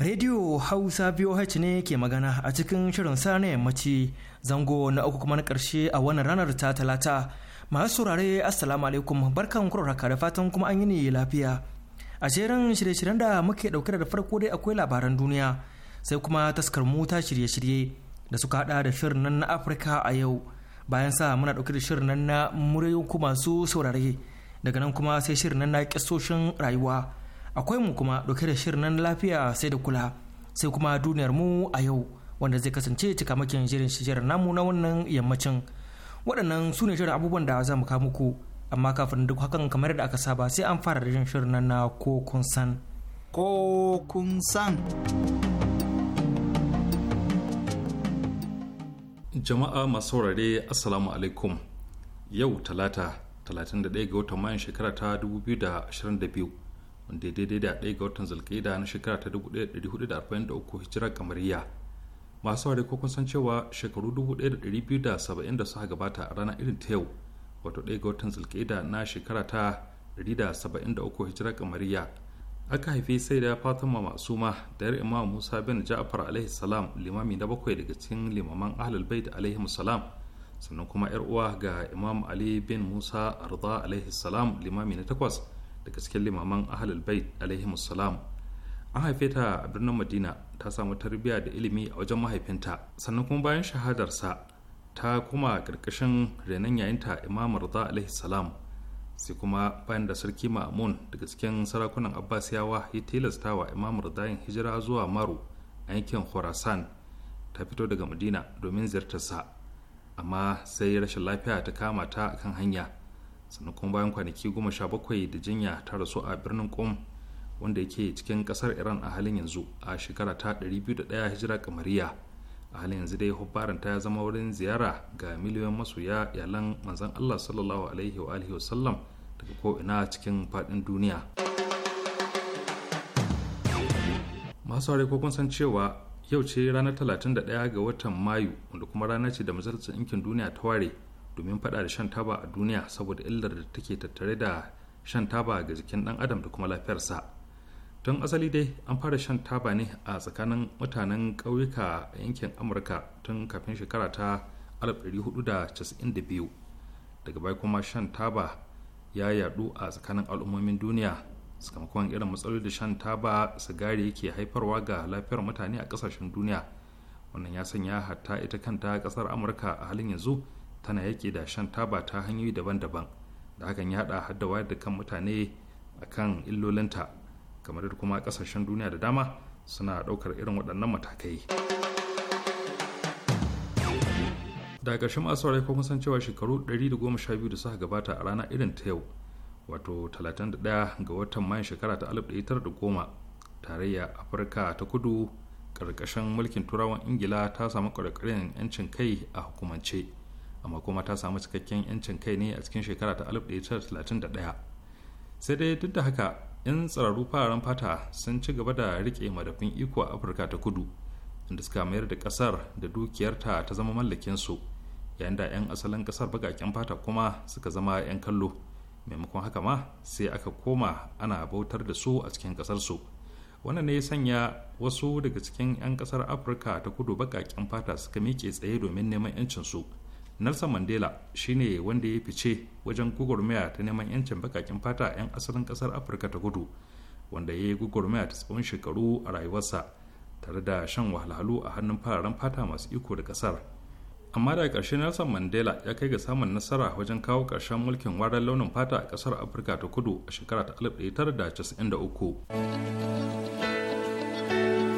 Radio Hausa VOH ne ke magana a cikin shirin sa na yammaci zango na uku kuma na ƙarshe a wannan ranar ta talata. Masu saurare Assalamu alaikum barkan kurraka da fatan kuma an yi ne lafiya. A jerin shirye-shiryen da muke ɗauke da farko dai akwai labaran duniya sai kuma taskar mota shirye-shirye da suka hada da shirin nan na Afirka a yau. Bayan sa muna ɗauke da shirin nan na kuma masu saurare daga nan kuma sai shirin nan na ƙasoshin rayuwa. akwai mu kuma ɗauke da shirin nan lafiya sai da kula sai kuma duniyar mu a yau wanda zai kasance cikamakin jirin shirin namu na wannan yammacin waɗannan su ne shirin abubuwan da za mu kawo muku amma kafin duk hakan kamar da aka saba sai an fara da jin shirin nan na ko kun san ko kun san jama'a masu saurare assalamu alaikum yau talata 31 ga watan mayan shekara ta 2022 wanda ya daidai da ɗaya ga watan zalkaida na shekara ta 1443 hijirar kamariya masu ware ko kun san cewa shekaru 1270 da suka gabata a ranar irin ta yau wato ɗaya ga watan zalkaida na shekara ta 173 hijirar kamariya aka haifi sai da fatima masuma da yar imam musa bin ja'far alaihi salam limami na bakwai daga cikin limaman ahlul bait alaihi salam sannan kuma yar uwa ga imam ali bin musa arda alaihi salam limami na takwas daga cikin limaman ahlul bait alaihim salam an haife ta a birnin madina ta samu tarbiyya da ilimi a wajen mahaifinta sannan kuma bayan shahadarsa ta kuma karkashin renon yayinta imam rida alaihi salam sai kuma bayan da sarki ma'amun daga cikin sarakunan abbasiyawa ya tilasta wa imam yin hijira zuwa maro a yankin khorasan ta fito daga madina domin ziyartarsa amma sai rashin lafiya ta kama ta kan hanya sannan kuma bayan kwanaki goma sha bakwai da jinya ta rasu a birnin kom wanda yake cikin kasar iran a halin yanzu a shekara ta 201 hijira kamariya a halin yanzu dai hubbaran ta zama wurin ziyara ga miliyoyin masoya iyalan manzon allah sallallahu alaihi wa alihi wasallam daga ko'ina cikin fadin duniya masu ko kun san cewa yau ce ranar 31 ga watan mayu wanda kuma rana ce da majalisar ɗinkin duniya ta ware domin fada da shan taba a duniya saboda illar da take tattare da shan taba ga jikin dan adam da kuma lafiyarsa tun asali dai an fara shan taba ne a tsakanin mutanen ƙauyuka a yankin amurka tun kafin shekara ta 1492 daga baya kuma shan taba ya yadu a tsakanin al'ummomin duniya sakamakon irin matsaloli da shan taba sigari yake haifarwa ga lafiyar mutane a kasashen duniya wannan ya sanya hatta ita kanta kasar amurka a halin yanzu tana yake da shan taba ta hanyoyi daban-daban da hakan ya haɗa hada wayar da kan mutane a kan illolinta kamar da kuma kasashen duniya da dama suna ɗaukar irin waɗannan matakai da ƙarshen masu saurari ko kusan cewa shekaru 112 da suka gabata a rana irin ta yau wato 31 ga watan mayan shekara ta 1910 tarayya afirka ta kudu ƙarƙashin mulkin turawan ingila ta samu ƙwarƙwarin 'yancin kai a hukumance amma kuma ta samu cikakken 'yancin kai ne a cikin shekara ta 1931 sai dai duk da haka 'yan tsararru fararen fata sun ci gaba da rike madafin iko a afirka ta kudu inda suka mayar da kasar da dukiyarta ta zama mallakin su yayin da 'yan asalin kasar bakaƙen fata kuma suka zama 'yan kallo maimakon haka ma sai aka koma ana bautar da su a cikin ƙasarsu wannan ne ya sanya wasu daga cikin 'yan kasar afirka ta kudu bakaken fata suka miƙe tsaye domin neman yancin su nelson mandela shine wanda ya fice wajen gugurmaya ta neman yancin bakakin fata a 'yan asalin kasar afirka ta gudu wanda ya yi gugurmaya ta tsawon shekaru a rayuwarsa tare da shan wahalhalu a hannun fararen fata masu iko da kasar amma daga ƙarshe nelson mandela ya kai ga samun nasara wajen kawo ƙarshen mulkin warar launin fata a kasar afirka ta kudu a shekara ta 1993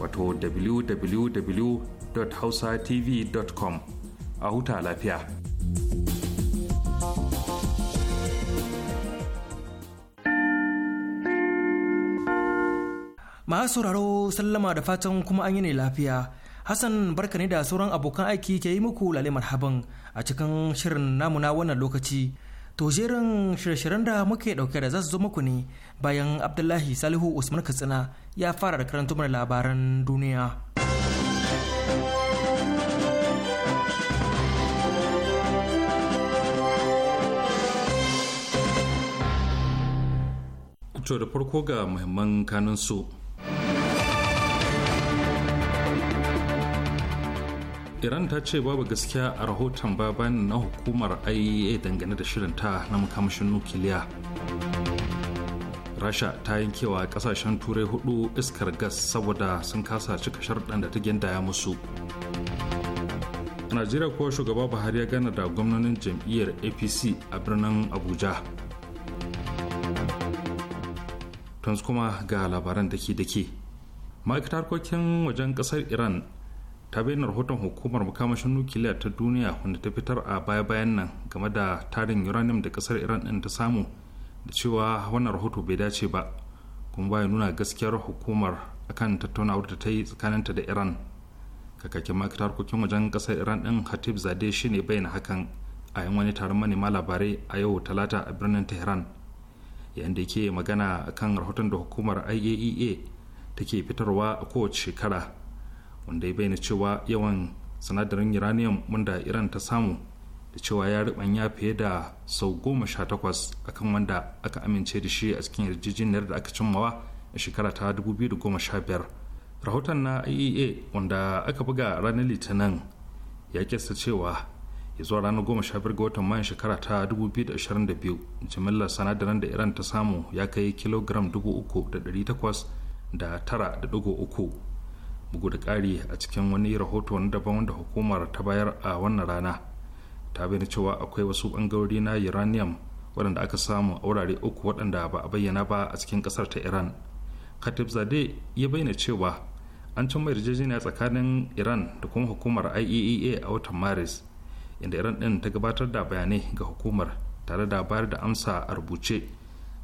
wato www.hausatv.com a huta lafiya. Masu sauraro sallama da fatan kuma an yi ne lafiya. Hassan barka ne da sauran abokan aiki ke yi muku lalimar habin a cikin shirin namuna wannan lokaci. To jerin shirye-shiryen da muke dauke da zasu muku ne bayan Abdullahi Salihu Usman Katsina ya fara da karantumar labaran duniya. To da farko ga muhimman kanunsu. iran ta ce babu gaskiya a rahoton baban na hukumar iaea dangane da shirinta na makamashin nukiliya rasha ta yankewa kasashen turai hudu iskar gas saboda sun kasa cika sharɗan da ta gindaya musu najeriya kuwa shugaba buhari ya gana da gwamnonin jam'iyyar apc a birnin abuja tons kuma ga labaran dake-dake ma'aikatar harkokin wajen kasar iran ta bayyana rahoton hukumar makamashin nukiliya ta duniya wanda ta fitar a baya-bayan nan game da tarin uranium da kasar iran din ta samu da cewa wannan rahoto bai dace ba kuma baya nuna gaskiyar hukumar akan tattaunawar da ta yi tsakaninta da iran kakakin makita harkokin wajen kasar iran din hatib zade shi ne bayyana hakan a yin wani taron manema labarai a yau talata a birnin tehran yayin da ke magana akan rahoton da hukumar iaea e take fitarwa a kowace shekara wanda ya bayyana cewa yawan sinadarin uranium wanda iran ta samu da cewa ya ribanya fiye da sau goma sha takwas akan wanda aka amince da shi a cikin yarjejeniyar da aka cimmawa a shekara ta 2015 rahoton na iea e wanda aka buga ranar litinin ya kesa cewa ya zuwa ranar goma sha biyar ga watan mayan shekara ta 2022 jimillar sanadarin da iran ta samu ya kai kilogram uku bugu da ƙari a cikin wani rahoto na daban wanda hukumar ta bayar a wannan rana ta bayyana cewa akwai wasu bangarori na uranium waɗanda aka samu a wurare uku waɗanda ba a bayyana ba a cikin ƙasar ta iran khatib zade ya bayyana cewa an cin mai yarjejeniya tsakanin iran da kuma hukumar iaea e a watan maris inda iran ɗin ta gabatar da bayanai ga hukumar tare da bayar da amsa a rubuce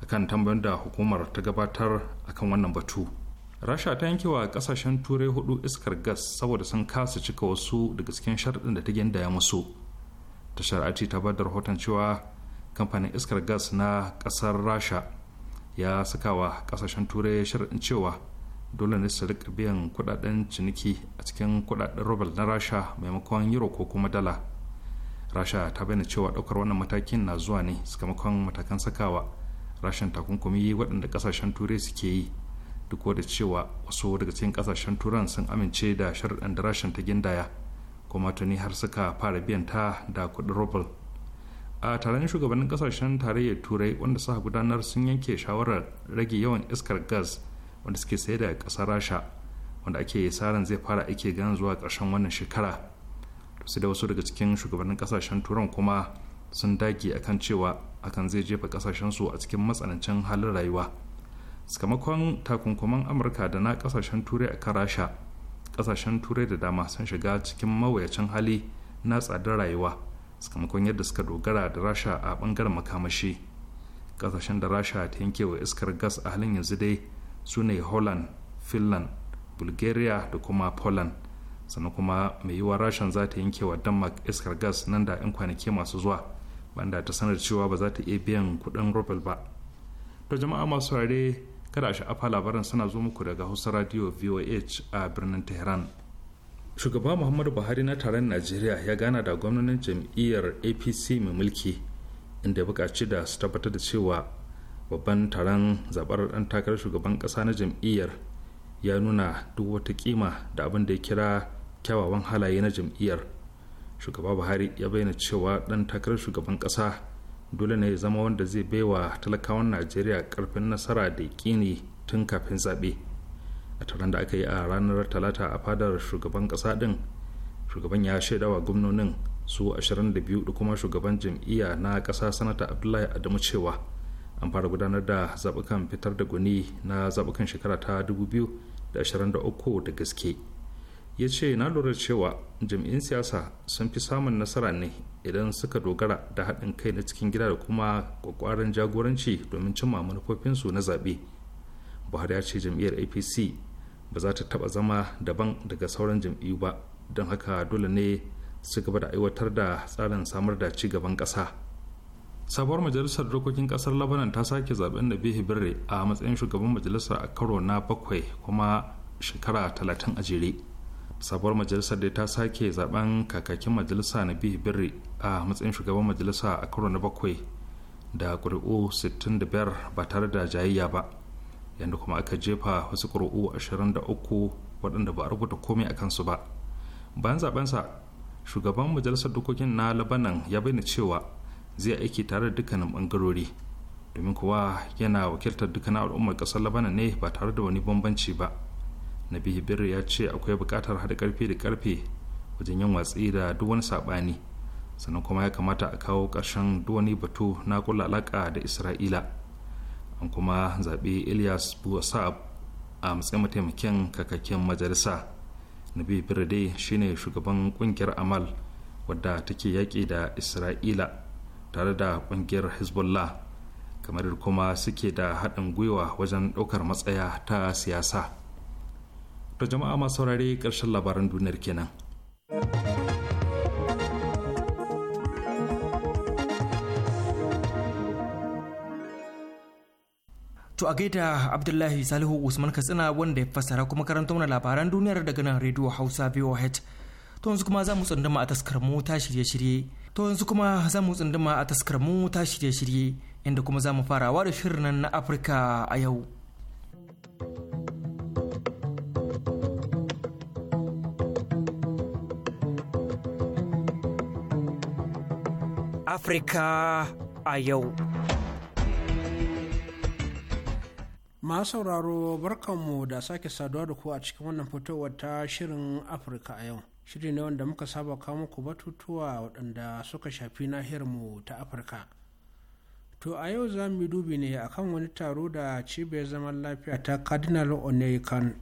akan tambayoyin da hukumar ta gabatar akan wannan batu. rasha ta yanke wa kasashen turai hudu iskar gas saboda sun kasa cika wasu daga cikin sharɗin da ta gindaya musu ta shari'aci ta bada rahoton cewa kamfanin iskar gas na ƙasar rasha ya saka wa kasashen turai sharɗin cewa dole ne su rika biyan kudaden ciniki a cikin kudaden rubel na rasha maimakon euro ko kuma dala rasha ta bayyana cewa ɗaukar wannan matakin na zuwa ne sakamakon matakan sakawa rashin takunkumi waɗanda ƙasashen turai suke yi duk da cewa wasu daga cikin kasashen turan sun amince da sharuɗan da rashin ta gindaya kuma tuni har suka fara biyan ta da kuɗin rubel a taron shugabannin kasashen tarayyar turai wanda suka gudanar sun yanke shawarar rage yawan iskar gas wanda suke sayar da ƙasar rasha wanda ake saran zai fara ake gan zuwa ƙarshen wannan shekara to sai da wasu daga cikin shugabannin kasashen turan kuma sun dage akan cewa akan zai jefa kasashen su a cikin matsanancin halin rayuwa sakamakon takunkuman amurka da na kasashen turai a rasha kasashen turai da dama sun shiga cikin mawuyacin hali na tsadar rayuwa sakamakon yadda suka dogara da rasha a bangaren makamashi kasashen da rasha ta yanke wa iskar gas a halin yanzu dai su ne holland finland bulgaria da kuma poland sannan kuma mai yiwa rashin za ta yanke wa denmark iskar gas nan da 'yan kwanaki masu zuwa banda ta sanar cewa ba za ta iya biyan kudin rubel ba to jama'a masu ware kada a sha'afa labaran suna zo muku daga hausa radio voh a birnin tehran shugaba muhammadu buhari na taron najeriya ya gana da gwamnonin jam'iyyar apc mai mulki inda ya buƙaci da su tabbatar da cewa babban taron zaɓar ɗan takarar shugaban ƙasa na jam'iyyar ya nuna duk wata kima da abin da ya kira kyawawan halaye na jam'iyyar shugaba buhari ya bayyana cewa ɗan takarar shugaban ƙasa dole ne ya zama wanda zai baiwa talakawan najeriya karfin nasara da kini tun kafin zaɓe a taron da aka yi a ranar talata a fadar shugaban ƙasa ɗin shugaban ya shaidawa gwamnonin su 22 da kuma shugaban jam'iyya na ƙasa sanata abdullahi adamu cewa an fara gudanar da zaɓukan fitar da guni na zaɓukan shekara ta 2023 da gaske ya ce na lura cewa jam'in siyasa sun fi samun nasara ne idan suka dogara da haɗin kai na cikin gida da kuma ƙwaƙwaran jagoranci domin cimma manufofinsu na zaɓe buhari ya ce jam'iyyar apc ba za ta taɓa zama daban daga sauran jam'iyyu ba don haka dole ne su gaba da aiwatar da tsarin samar da ci gaban ƙasa sabuwar majalisar dokokin ƙasar labanan ta sake zaben da bihi birre a matsayin shugaban majalisa a karo na bakwai kuma shekara talatin a jere sabuwar majalisar da ta sake zaben kakakin majalisa na bi birri a matsayin shugaban majalisa a karo na bakwai da ƙuri'u 65 ba tare da jayayya ba yadda kuma aka jefa wasu ƙuri'u 23 waɗanda ba a rubuta komai a kansu ba bayan zabensa shugaban majalisar dokokin na labanan ya bayyana cewa zai aiki tare da dukkanin bangarori domin kuwa yana wakiltar dukkanin al'ummar ƙasar labanan ne ba tare da wani bambanci ba na bihibir ya ce akwai buƙatar haɗa ƙarfi da karfe wajen yin watsi da duk wani saɓani sannan kuma ya kamata a kawo ƙarshen duwani wani batu na kula alaƙa da isra'ila an kuma zaɓi ilyas buwasab a matsayin mataimakin kakakin majalisa na bihibir dai shine shugaban ƙungiyar amal wadda take yaƙi da isra'ila tare da ƙungiyar hezbollah kamar kuma suke da haɗin gwiwa wajen ɗaukar matsaya ta siyasa to jama'a masu saurare ƙarshen labaran duniyar kenan. To a gaida Abdullahi Salihu Usman Katsina wanda ya fasara kuma karanta mana labaran duniyar daga nan rediyo Hausa VOH. To yanzu kuma za mu tsunduma a taskar mu ta shirye-shirye. To yanzu kuma za mu tsunduma a taskar mu ta shirye-shirye inda kuma za mu farawa da shirin nan na Afirka a yau. Afirka a yau. Ma sauraro barkanmu da sake saduwa da ku a cikin wannan fitowar ta shirin Afirka a yau. Shiri ne wanda muka saba kawo muku batutuwa waɗanda suka shafi nahiyarmu ta Afirka. To a yau za mu dubi ne akan wani taro da cibiyar zaman lafiya ta Cardinal Onyekan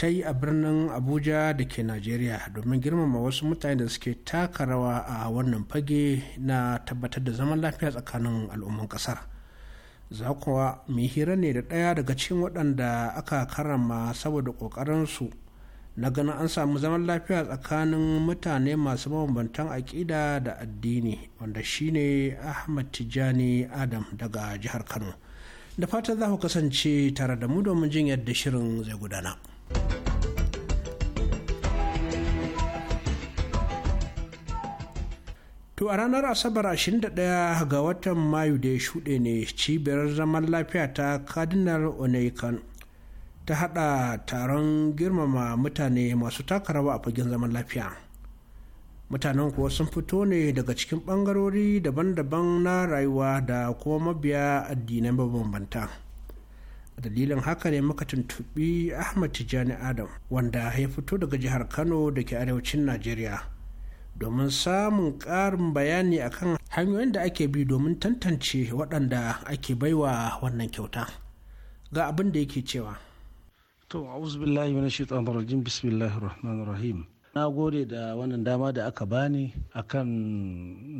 ta yi a birnin abuja da ke najeriya domin girmama wasu mutane da suke taka rawa a wannan fage na tabbatar da zaman lafiya tsakanin al'umman kasar za kuwa mai hira ne da ɗaya daga cikin waɗanda aka karama saboda ƙoƙarinsu na ganin an samu zaman lafiya tsakanin mutane masu mabambantan aƙida da addini wanda shine ahmad tijani adam daga jihar kano da fatan za ku kasance tare da mu domin jin yadda shirin zai gudana. To a ranar Asabar 21 ga watan Mayu da ya shuɗe ne cibiyar zaman lafiya ta Cardinal Onaikan ta haɗa taron girmama mutane masu taka rawa a fagen zaman lafiya. Mutanen kuwa sun fito ne daga cikin ɓangarori daban-daban na rayuwa da kuma mabiya addinai mabambanta. dalilin haka ne maka tuntuɓi ahmad tijjani adam wanda ya fito daga jihar kano da ke arewacin najeriya domin samun ƙarin bayani akan hanyoyin da ake bi domin tantance waɗanda ake baiwa wannan kyauta ga abin da yake cewa to na gode da wannan dama da aka bani akan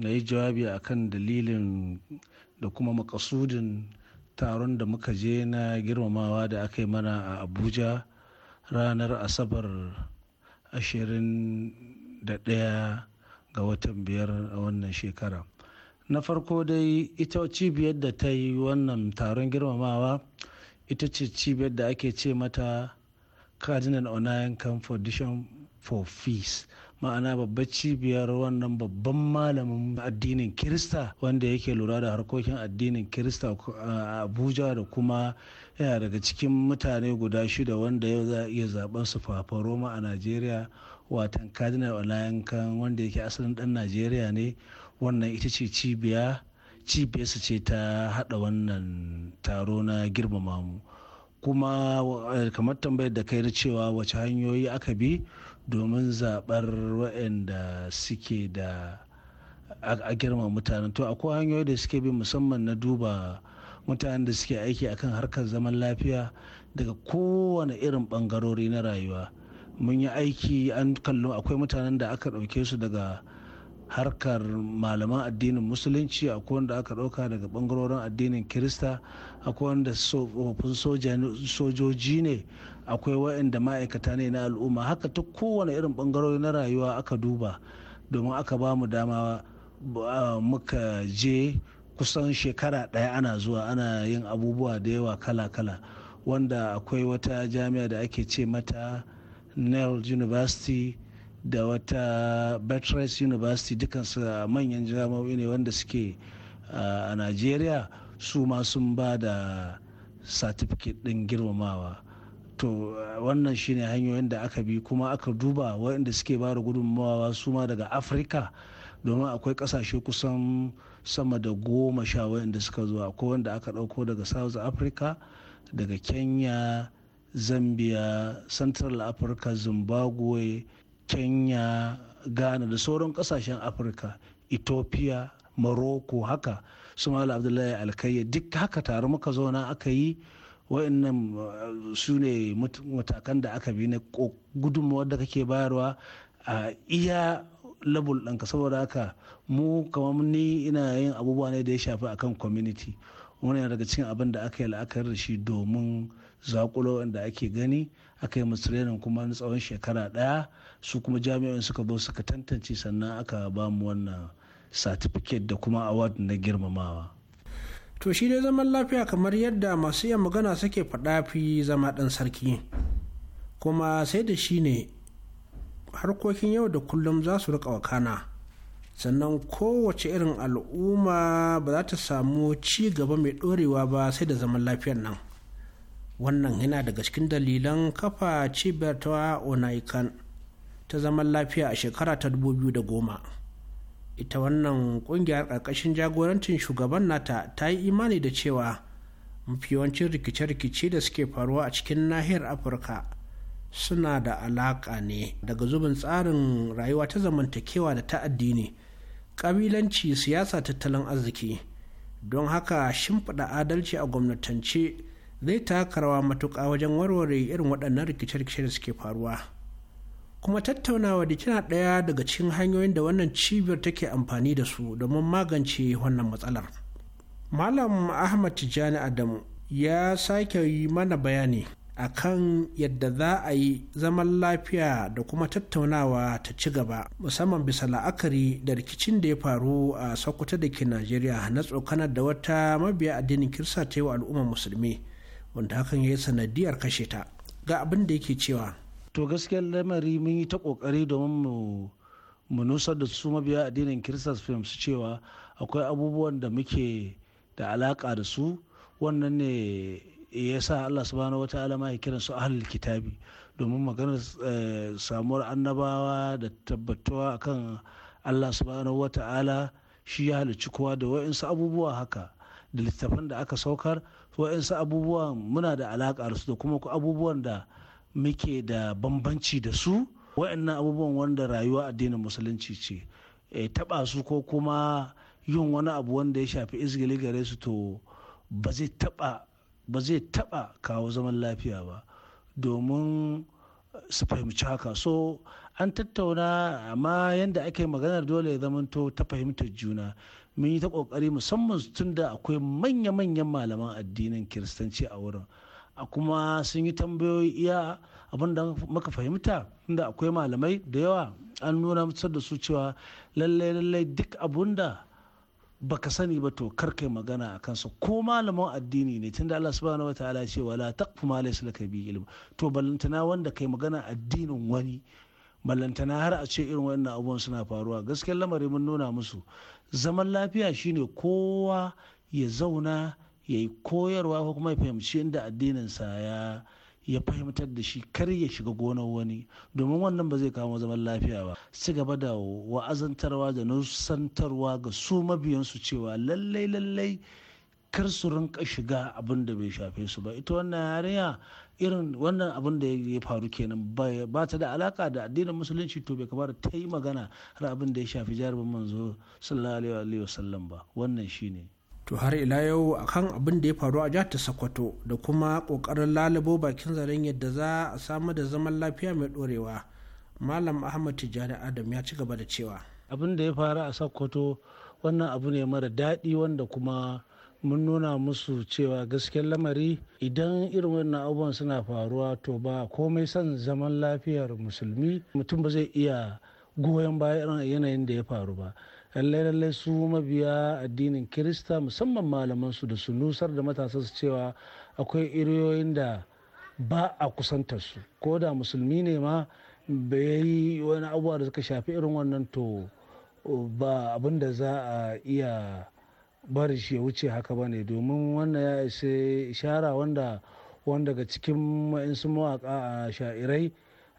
na yi jawabi akan dalilin da kuma makasudin taron da muka je na girmamawa da aka yi mana a abuja ranar asabar 21 ga watan biyar a wannan shekara na farko dai ita cibiyar da ta yi wannan taron girmamawa ita ce cibiyar da ake ce mata cardinal onion camp for peace ma'ana babbar cibiyar wannan babban malamin addinin kirista wanda yake lura da harkokin addinin kirista a abuja da kuma yana daga cikin mutane guda shida wanda yau za iya zaben su fafaroma a najeriya watan cardinal olayankan wanda yake asalin dan najeriya ne wannan ita ce cibiya cibiyarsa ce ta hada wannan taro na girmama mu kuma eh, kamar tambayar da kai na cewa wace hanyoyi aka bi domin zaɓar waɗanda suke da a girma mutanen to akwai hanyoyi da suke bi musamman na duba mutanen da suke aiki akan harkar zaman lafiya daga kowane irin ɓangarori na rayuwa mun yi aiki an kallo akwai mutanen da aka ɗauke su daga harkar malaman addinin musulunci akwai wanda aka ɗauka daga bangarorin addinin kirista akwai wanda tsofaffin sojoji ne akwai waɗanda ma'aikata ne na al'umma haka ta kowane irin bangarori na rayuwa aka duba domin aka ba mu dama muka je kusan shekara ɗaya ana zuwa ana yin abubuwa da yawa kala-kala wanda akwai wata jami'a da ake ce mata nell university da wata Batres University dukansu manyan jami'o'i ne wanda suke a nigeria su ma sun ba da satifiket din girmamawa. to wannan shine hanyoyin da aka bi kuma aka duba waɗanda suke ba da gudunmawa su ma daga afirka domin akwai ƙasashe kusan sama da goma sha waɗanda suka zuwa akwai wanda aka ɗauko daga south africa daga kenya zambia central africa zimbabwe kenya ghana da sauran kasashen afirka ethiopia morocco haka su mala abdullahi alkayya duk haka tare muka zauna aka yi wa'annan uh, su ne matakan da aka bi na gudunmawar da kake bayarwa a iya labul ɗanka saboda haka mu kamar ni ina yin abubuwa ne da ya shafi akan community wani daga cikin abin da aka yi la'akari da shi domin zakulo da ake gani aka yi musulunin kuma na tsawon shekara ɗaya su kuma jami'an suka zo suka tantance sannan aka ba mu wannan satifiket da kuma award na girmamawa to shi dai zaman lafiya kamar yadda masu iya magana suke faɗa fi zama ɗan sarki kuma sai da shi ne harkokin yau da kullum za su riƙa wakana sannan kowace irin al'umma ba za ta samu ci gaba mai ɗorewa ba sai da zaman lafiyar nan wannan yana daga cikin dalilan kafa cibiyar ta onaikan ta zaman lafiya a shekara ta dubu biyu da goma. ita wannan kungiyar ƙarƙashin jagorancin shugaban nata ta yi imani da cewa mafi yawancin rikice-rikice da suke faruwa a cikin nahiyar afirka suna da alaƙa ne daga zubin tsarin rayuwa ta zamantakewa da ta addini ƙabilanci siyasa tattalin arziki don haka shimfiɗa adalci a gwamnatance zai taka rawa matuƙa wajen warware irin waɗannan rikice-rikice da suke faruwa. kuma tattaunawa da kina ɗaya daga cikin hanyoyin da wannan cibiyar take amfani da su domin magance wannan matsalar malam ahmad tijjani adamu ya sake yi mana bayani a kan yadda za a yi zaman lafiya da kuma tattaunawa ta ci gaba musamman bisa la'akari da rikicin da ya faru a sokoto da ke najeriya na tsokanar da wata mabiya addinin kirsa ta yi wa al'ummar musulmi wanda hakan ya yi sanadiyar kashe ta ga abin da yake cewa to gaskiyar lamari mun yi ta kokari domin mu nusar da su mabiya addinin Kirista film su cewa akwai abubuwan da muke da alaka da su wannan ne ya sa allah subhanahu wataala ma ya kiran su ahlul kitabi domin maganar eh, samuwar annabawa da tabbatuwa akan allah subhanahu wataala shi ya halicci kowa da wa'insu abubuwa haka da littafan da aka saukar wa'insu abubuwa muna da alaƙa da su da kuma abubuwan da muke da bambanci da su wa'annan abubuwan wanda rayuwa addinin musulunci ce e, eh, taba su ko kuma yin wani abu wanda ya shafi izgili gare su to ba zai taba kawo zaman lafiya ba domin su fahimci haka so an tattauna amma yadda ake maganar dole ya zamanto ta fahimtar juna mun yi ta kokari musamman tun da akwai manya-manyan malaman addinin kiristanci a wurin a kuma sun yi tambayoyi iya abin muka fahimta inda akwai malamai da yawa an nuna mutar da su cewa lallai lallai duk abun da baka sani ba to kar magana a kansa ko malamin addini ne tunda Allah subhanahu ala ce wala taqfu ma laysa laka bi ilm to ballantana wanda kai magana addinin wani ballantana har a ce irin wannan abubuwan suna faruwa gaskiyar lamari mun nuna musu zaman lafiya shine kowa ya zauna ya yi koyarwa ko kuma ya fahimci yadda addininsa ya ya fahimtar da shi kar ya shiga gonar wani domin wannan ba zai kawo zaman lafiya ba su gaba da wa'azantarwa da nusantarwa ga su mabiyansu cewa lallai lallai kar su rinka shiga abin da bai shafe su ba ita wannan yarinya irin wannan abin da ya faru kenan ba ta da alaka da addinin musulunci to bai kamar ta yi magana har abin da ya shafi jarumin manzo sallallahu alaihi wasallam ba wannan shine to har ila yau a kan abin da ya faru a jihar ta sokoto da kuma kokarin lalubo bakin zaren yadda za a samu da zaman lafiya mai dorewa malam ahmad tijjani adam ya ci gaba da cewa abin da ya faru a sokoto wannan abu ne mara daɗi wanda kuma mun nuna musu cewa gaskiyar lamari idan irin wannan abubuwan suna faruwa to ba komai son zaman lafiyar musulmi mutum ba zai iya goyon bayan yanayin da ya faru ba lallai lallai su mabiya addinin kirista musamman malaman su da su nusar da matasa su cewa akwai iriyoyin da ba a kusantar su ko da musulmi ne ma bai yi wani abubuwa da suka shafi irin wannan to ba abin da za a iya bari shi ya wuce haka ba ne domin wannan ya isa ishara wanda wanda daga cikin ma'insu mawaka a sha'irai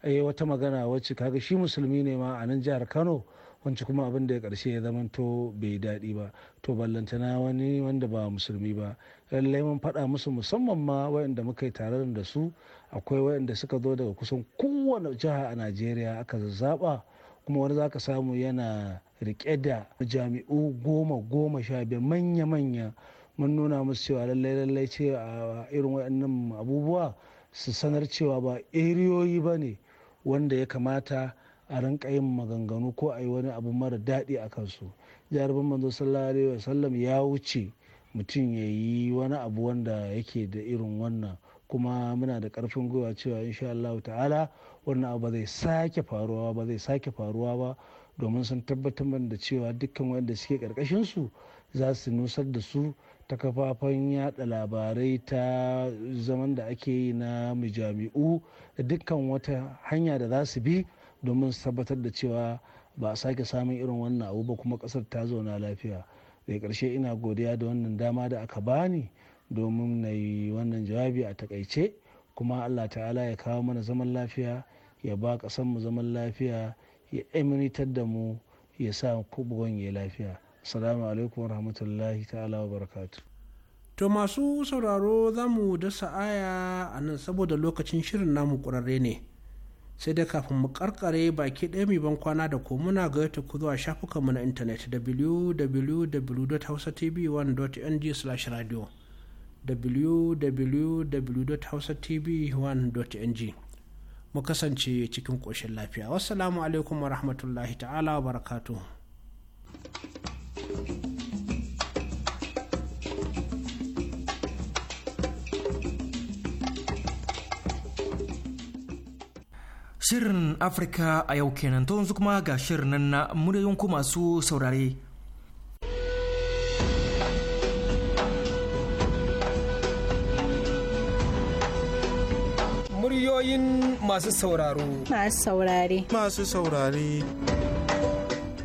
eh, wata magana wacce kaga shi musulmi ne ma a nan jihar kano Wanci kuma abin da ya karshe ya zamanto bai daɗi ba to ballantana wani wanda ba musulmi ba lallai mun faɗa musu musamman ma wayanda muka yi tare da su akwai wayanda suka zo daga kusan kowane jiha a najeriya aka zaɓa kuma wani zaka samu yana riƙe da jami'u goma goma sha biyar manya-manya mun nuna musu cewa lallai lallai ce a irin waɗannan abubuwa su sanar cewa ba eriyoyi ba ne wanda ya kamata a rinka yin maganganu ko a yi wani abu mara daɗi a kansu jarabin manzo sallallahu alaihi wasallam ya wuce mutum ya yi wani abu wanda yake da irin wannan kuma muna da karfin gwiwa cewa insha Allah ta'ala wannan abu ba zai sake faruwa ba zai sake faruwa ba domin sun tabbatar mana da cewa dukkan wanda suke karkashin su za su nusar da su ta kafafan yada labarai ta zaman da ake yi na mujami'u da dukkan wata hanya da za su bi domin su tabbatar da cewa ba a sake samun irin wannan abu ba kuma kasar ta zauna lafiya da ƙarshe ina godiya da wannan dama da aka bani domin na yi wannan jawabi a takaice kuma allah ta'ala ya kawo mana zaman lafiya ya ba mu zaman lafiya ya emiritar da mu ya sa kubuwan ya lafiya assalamu alaikum rahmatullahi ta'ala wa barakatu to masu sauraro za mu dasa aya a nan saboda lokacin shirin namu ƙwararre ne sai dai kafin mu karkare baki ɗaya mai ban kwana da ko muna ga yata ku zuwa shafukanmu na intanet www.hausatv1.ng/radio www.hausatv1.ng mu kasance cikin ƙoshin lafiya wassalamu alaikum wa rahmatullahi ta'ala wa barakatuhu Shirin Afirka a yau kenan to yanzu kuma ga shirin nan na muryoyin ku masu saurare. Muryoyin masu sauraro. Masu saurare. Masu saurare.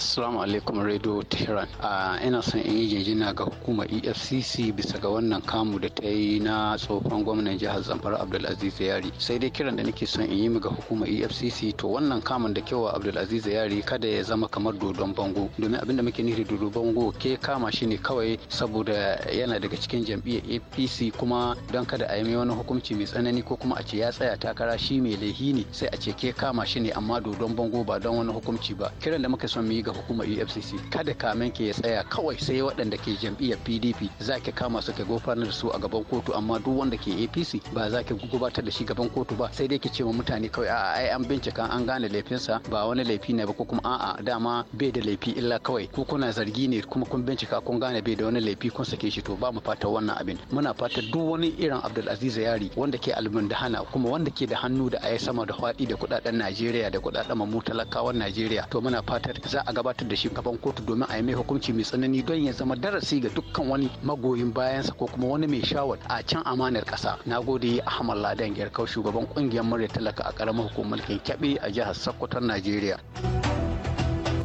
Assalamu alaikum Radio Tehran. Ah, ina son in yi jinjina ga hukumar EFCC bisa ga wannan kamu da ta yi na tsohon gwamnan jihar Zamfara Abdulaziz Yari. Sai dai kiran da nake son in yi ga hukumar EFCC to wannan kamun da kewa Abdulaziz Yari kada ya zama kamar dodon bango. Domin abin da muke nufi dodon bango ke kama shi ne kawai saboda yana daga cikin jam'iyyar APC kuma don kada a yi mai wani hukunci mai tsanani ko kuma a ce ya tsaya takara shi mai laihi ne sai a ce ke kama shi ne amma dodon bango ba don wani hukunci ba. Kiran da muke son mu yi ga hukumar efcc kada kamen ke ya tsaya kawai sai waɗanda ke jam'iyyar pdp za ki kama su ka gofanar da su a gaban kotu amma duk wanda ke apc ba za ki gabatar da shi gaban kotu ba sai dai ki ce wa mutane kawai a'a ai an bincika an gane laifinsa ba wani laifi ne ba ko kuma a'a dama bai da laifi illa kawai ko kuna zargi ne kuma kun bincika kun gane bai da wani laifi kun sake shi to ba mu fata wannan abin muna fata duk wani irin abdulaziz yari wanda ke almundahana kuma wanda ke da hannu da ayi sama da faɗi da kuɗaɗen najeriya da kuɗaɗen mamu talakawan najeriya to muna fatar za a gabatar da shi gaban kotu domin a yi mai hukunci mai tsanani don ya zama darasi ga dukkan wani magoyin bayansa ko kuma wani mai shawar a can amanar ƙasa na gode ahmad ladan gyarkau shugaban ƙungiyar murya talaka a ƙaramar hukumar kyakkyaɓe a jihar sokoton najeriya.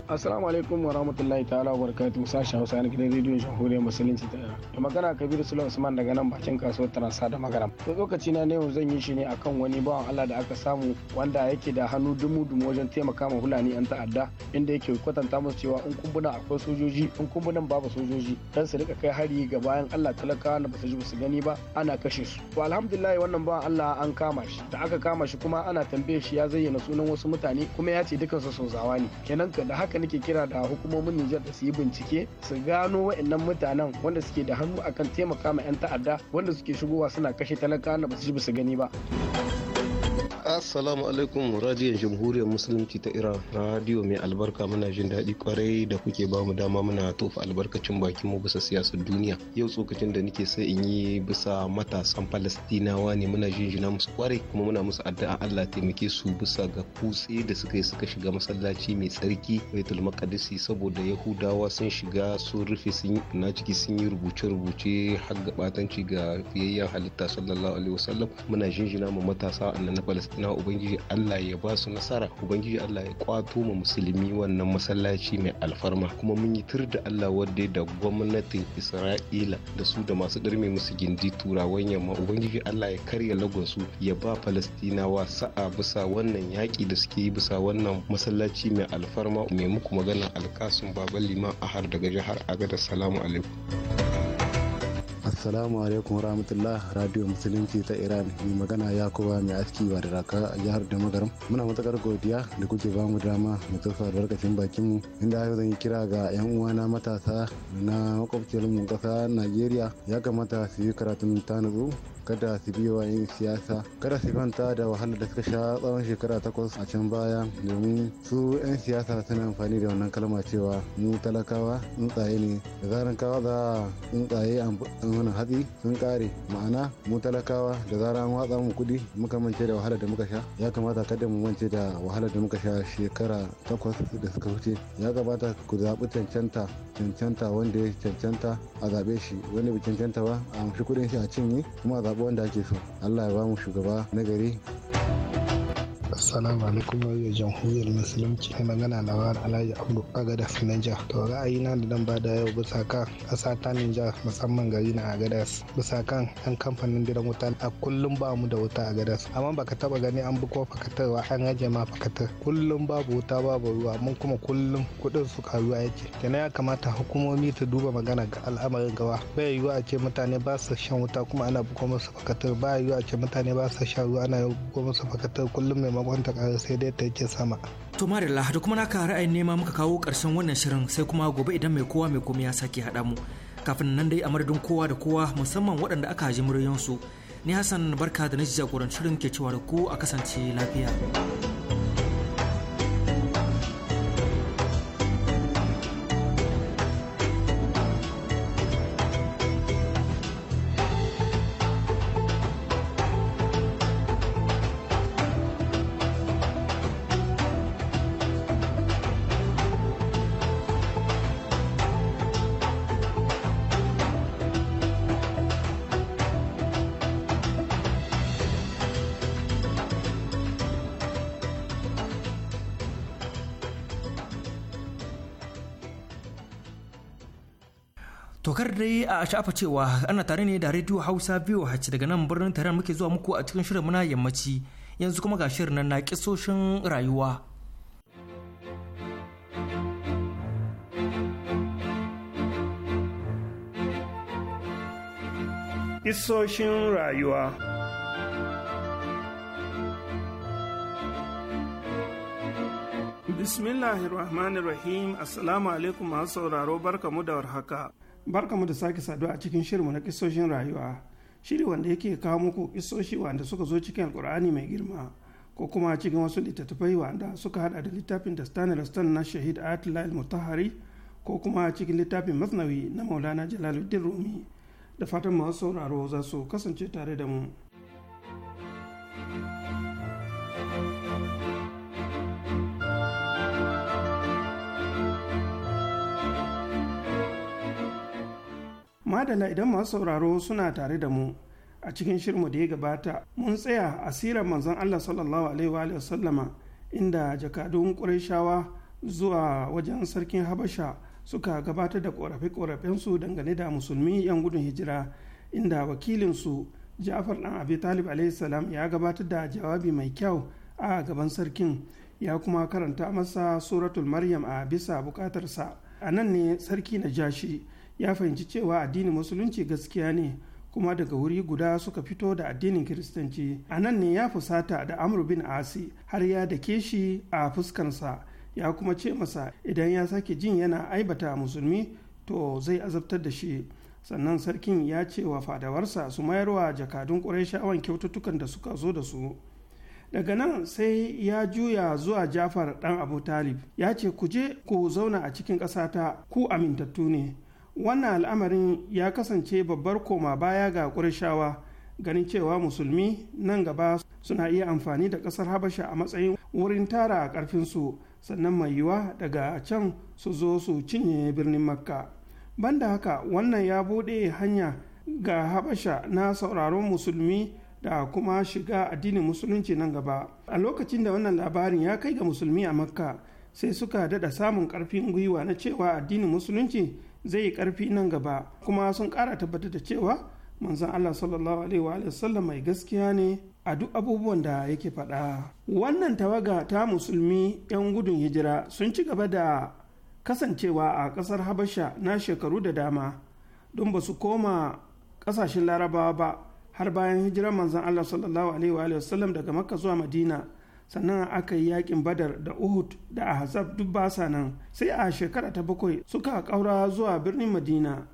Assalamu alaikum wa rahmatullahi ta'ala wa barakatu sashen Hausa na gidan rediyon Jamhuriyar Musulunci ta Iran. Da magana Kabiru Sula Usman daga nan bakin kasuwar Taransa da Magaram. To lokaci na ne zan yi shi ne akan wani bawan Allah da aka samu wanda yake da hannu dumu dumu wajen taimaka ma Fulani an ta'adda inda yake kwatanta musu cewa in kumbuna akwai sojoji in kumbunan babu sojoji dan su rika kai hari ga bayan Allah talakawa da basu ji su gani ba ana kashe su. To alhamdulillah wannan bawan Allah an kama shi da aka kama shi kuma ana tambaye shi ya zayyana sunan wasu mutane kuma ya ce dukansu sozawa ne kenan da haka haka nake kira da hukumomin Nijar da su yi bincike su gano wa'annan mutanen wanda suke da hannu akan taimaka ma 'yan ta'adda wanda suke shigowa suna kashe talaka na ba su ji ba su gani ba. Assalamu alaikum radiyon jamhuriyar musulunci ta Iran radiyo mai albarka muna jin daɗi kwarai da kuke ba mu dama muna tofa albarkacin bakin mu bisa siyasar duniya yau tsokacin da nake sai in yi bisa matasan Falastinawa ne muna jinjina musu kwarai kuma muna musu addu'a Allah taimake su bisa ga kutse da suka yi suka shiga masallaci mai tsarki Baitul Maqdisi saboda Yahudawa sun shiga sun rufe sun na ciki sun yi rubuce-rubuce har gabatanci ga fiyayyen halitta sallallahu alaihi wasallam muna jinjina mu matasa annan na Palestina. na ubangiji Allah ya ba su nasara ubangiji Allah ya kwato ma musulmi wannan masallaci mai alfarma kuma mun yi tur da Allah wadda da gwamnatin Isra'ila da su da masu ɗarme musu gindi turawan yamma ubangiji Allah ya karya lagonsu ya ba Falastinawa sa'a bisa wannan yaƙi da suke yi bisa wannan masallaci mai alfarma mai muku magana alkasun baban liman ahar daga jihar agada salamu alaikum assalamu alaikum rahmatullah radio musulunci ta iran mai magana ya kowa mai aski ba da raka a jihar da magaram muna matakar godiya da kuke ba mu dama mu tofa da bakin bakinmu inda yau zan yi kira ga yan uwana matasa na makwabciyar mu kasa najeriya ya kamata su yi karatun ta kada su bi wa yin siyasa kada su manta da wahalar da suka sha tsawon shekara takwas a can baya domin su 'yan siyasa suna amfani da wannan kalma cewa mu talakawa tsuntsaye ne da zaran kawa za a tsuntsaye an wani hatsi sun kare ma'ana mu talakawa da zaran an watsa mu kuɗi muka mance da wahalar da muka sha ya kamata kada mu mance da wahalar da muka sha shekara takwas da suka wuce ya kamata ku zaɓi cancanta cancanta wanda ya cancanta a zaɓe shi wanda bai cancanta ba a amshi kudin shi a cinye kuma a abubuwan da ake so allah ya ba mu shugaba na gari Assalamu alaikum wa jamhuriyar musulunci mai magana na alhaji alhaji abdu agadas Niger. To ra'ayina da dan bada yau bisa kan ƙasa ta Niger musamman gari na agadas. Bisa kan yan kamfanin gidan wuta a kullum ba mu da wuta agadas. Amma baka taba gani an bi ko fakatarwa an rage ma fakatar. Kullum babu wuta babu ruwa mun kuma kullum kuɗin su karuwa yake. Kenan ya kamata hukumomi ta duba magana ga al'amarin gawa. Bai yiwuwa a ce mutane ba su shan wuta kuma ana buko musu fakatar. Ba yiwuwa a ce mutane ba su shan ruwa ana buko musu fakatar kullum mai maimakon ta sai dai ta yake sama. To Marilla da kuma naka ra'ayin nema muka kawo ƙarshen wannan shirin sai kuma gobe idan mai kowa mai komai ya sake haɗa mu. Kafin nan dai a madadin kowa da kowa musamman waɗanda aka ji su Ni Hassan barka da na jagorancin shirin ke cewa da ku a kasance lafiya. tokar dai a sha'afa cewa ana tare ne da rediyo hausa biyu hace daga nan birnin tehran muke zuwa muku a cikin shirin muna yammaci yanzu kuma ga shirin nan na kisoshin rayuwa Isoshin rayuwa Bismillahirrahmanirrahim Assalamu alaikum masu sauraro barkamu da warhaka. Barka mu da sake saduwa a cikin shirinmu na kisoshin rayuwa shiri wanda yake kawo muku kisoshi wanda suka zo cikin alkur'ani mai girma ko kuma cikin wasu littattafai wanda suka hada da littafin da stanley stone na shahid atlal mutahari ko kuma cikin littafin masnawi na maulana jalaluddin rumi da fatan masu sauraro za su kasance tare da mu. madala idan masu sauraro suna tare da mu a cikin shirmu da ya gabata mun tsaya a sirar manzon allah sallallahu alaihi wa sallama inda jakadun ƙurashawa zuwa wajen sarkin habasha suka gabatar da ƙorafe-ƙorafensu dangane da musulmi 'yan gudun hijira inda wakilinsu ja'far ɗan abi talib salam ya gabatar da jawabi mai kyau a gaban sarkin ya kuma karanta masa suratul maryam a bisa bukatarsa a nan ne sarki na jashi ya fahimci cewa addinin musulunci gaskiya ne kuma daga wuri guda suka fito da addinin kiristanci a nan ne ya fusata da Amurbin bin asi har ya dake shi a fuskarsa, ya kuma ce masa idan ya sake jin yana aibata musulmi to zai azabtar da shi sannan sarkin ya ce wa fadawarsa su mayar wa jakadun ƙurashawan kyaututtukan da suka zo da su daga nan sai ya juya zuwa jafar dan abu talib ya ce ku je ku zauna a cikin ƙasata ku amintattu ne wannan al'amarin ya kasance babbar koma baya ga ƙurashawa ganin cewa musulmi nan gaba suna iya amfani da ƙasar habasha a matsayin wurin tara a ƙarfinsu sannan mai yiwa daga can su zo su cinye birnin makka banda haka wannan ya buɗe hanya ga habasha na sauraron musulmi da kuma shiga addinin musulunci nan gaba a lokacin da wannan labarin ya kai ga musulmi a makka sai suka daɗa samun ƙarfin gwiwa na cewa addinin musulunci zai yi ƙarfi nan gaba kuma sun ƙara tabbatar da cewa manzon Allah sallallahu alaihi wa sallam mai gaskiya ne a duk abubuwan da yake faɗa. Wannan tawaga ta musulmi 'yan gudun hijira sun ci gaba da kasancewa a ƙasar Habasha na shekaru da dama don ba su koma ƙasashen larabawa ba har bayan hijirar manzon Allah sallallahu alaihi wa sallam daga Makka zuwa Madina sannan aka yi yakin badar da uhud da ahzab duk basa nan sai a shekara ta bakwai suka ƙaura zuwa birnin madina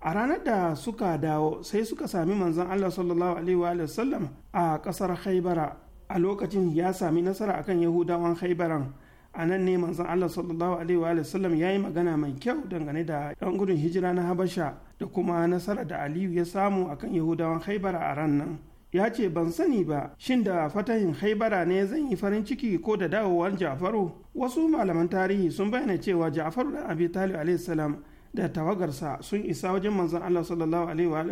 a ranar da suka dawo sai suka sami manzon allah sallallahu alaihi wa sallam a ƙasar haibara a lokacin ya sami nasara akan yahudawan haibaran a nan ne manzon Allah sallallahu alaihi wa sallam ya yi magana mai kyau dangane da yan gudun hijira na Habasha da kuma nasara da Aliyu ya samu akan Yahudawan Haibara a ran nan. ya ce ban sani ba shin da fatahin haibara ne zan yi farin ciki ko da dawowar ja'faru wasu malaman tarihi sun bayyana cewa ja'faru dan abi talib alaihi da tawagarsa sun isa wajen manzon Allah sallallahu alaihi wa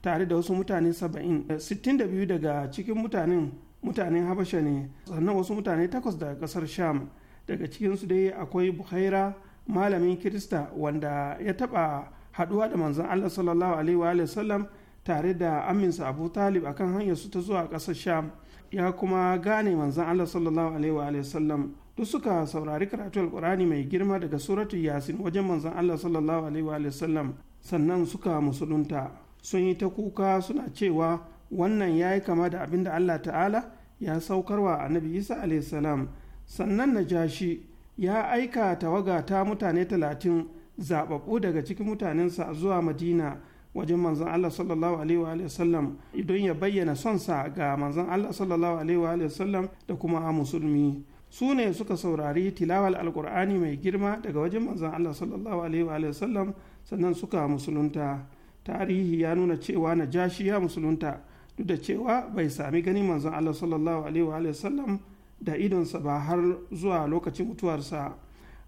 tare da wasu mutane 70 biyu daga cikin mutanen mutanen Habasha ne sannan wasu mutane takwas daga kasar Sham daga cikinsu dai akwai Buhaira malamin Kirista wanda ya taba haduwa da manzon Allah sallallahu alaihi wa tare da aminsa abu talib akan hanyar su ta zuwa ƙasar sham ya kuma gane manzan allah sallallahu alaihi wa sallam duk suka saurari karatu alkurani mai girma daga suratu yasin wajen manzan allah sallallahu alaihi wa sallam sannan suka musulunta sun yi ta kuka suna cewa wannan ya yi kama da abin da allah ta'ala ya saukarwa annabi isa alaihi salam sannan najashi ya aika tawaga ta mutane talatin zaɓaɓɓu daga cikin mutanensa zuwa madina wajen manzon Allah sallallahu alaihi wa sallam don ya bayyana sonsa ga manzon Allah sallallahu alaihi wa sallam da kuma musulmi su ne suka saurari tilawal alkur'ani mai girma daga wajen manzon Allah sallallahu alaihi wa sallam sannan suka musulunta tarihi ya nuna cewa na jashi ya musulunta duk da cewa bai sami ganin manzon Allah sallallahu alaihi wa sallam da idonsa ba har zuwa lokacin mutuwarsa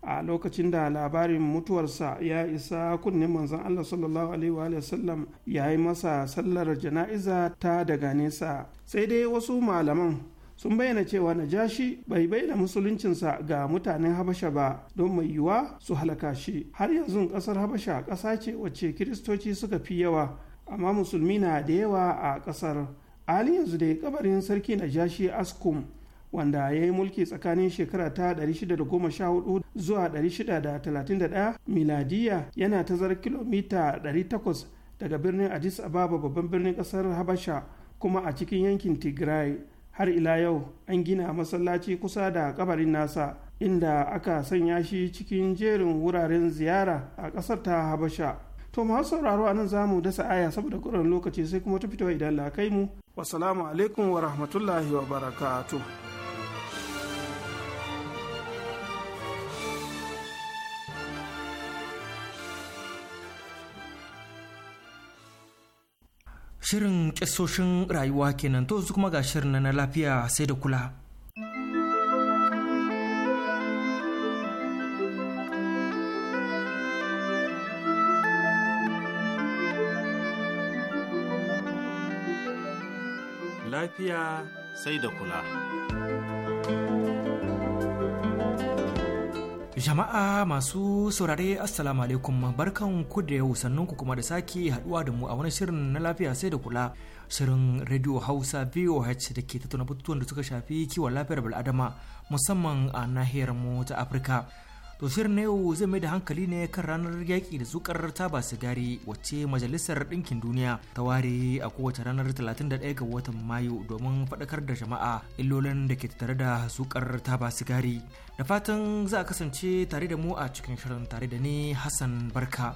a lokacin da labarin mutuwarsa ya isa kunnen manzon Allah sallallahu alaihi wa sallam ya yi masa sallar jana'iza ta daga nesa sai dai wasu malaman sun bayyana cewa najashi bai bayyana musuluncinsa ga mutanen habasha ba don mai yiwuwa su halaka shi har yanzu kasar habasha ƙasa ce wacce kiristoci suka fi yawa amma musulmi na da yawa a ƙasar halin yanzu dai kabarin sarki najashi askum wanda ya yi mulki tsakanin shekara ta 614 zuwa 631 miladiya yana ta zar kilomita 800 daga birnin addis ababa babban birnin kasar habasha kuma a cikin yankin tigray har ila yau an gina masallaci kusa da kabarin nasa inda aka sanya shi cikin jerin wuraren ziyara a kasar ta habasha to masu sauraro a nan zamu dasa aya saboda kuran lokaci sai kuma ta fito idan la kai mu wasalamu alaikum wa rahmatullahi wa barakatuh Shirin ƙisoshin rayuwa kenan to su kuma ga shirin na lafiya sai da kula. Lafiya sai da kula. Jama'a masu saurare Assalamu alaikum barkan ku da yau sannan kuma da sake haduwa da mu a wani shirin na lafiya sai da kula shirin Radio Hausa VOH da ke tattauna batutuwan da suka shafi kiwon lafiyar bil'adama musamman a nahiyar mu ta Afirka. to shirin na yau zai mai da hankali ne kan ranar yaƙi da zukar taba sigari wacce majalisar ɗinkin duniya ta ware a kowace ranar 31 ga watan mayu domin faɗakar da jama'a illolin da ke tattare da zukar taba sigari da fatan za a kasance tare da mu a cikin shirin tare da ni hassan barka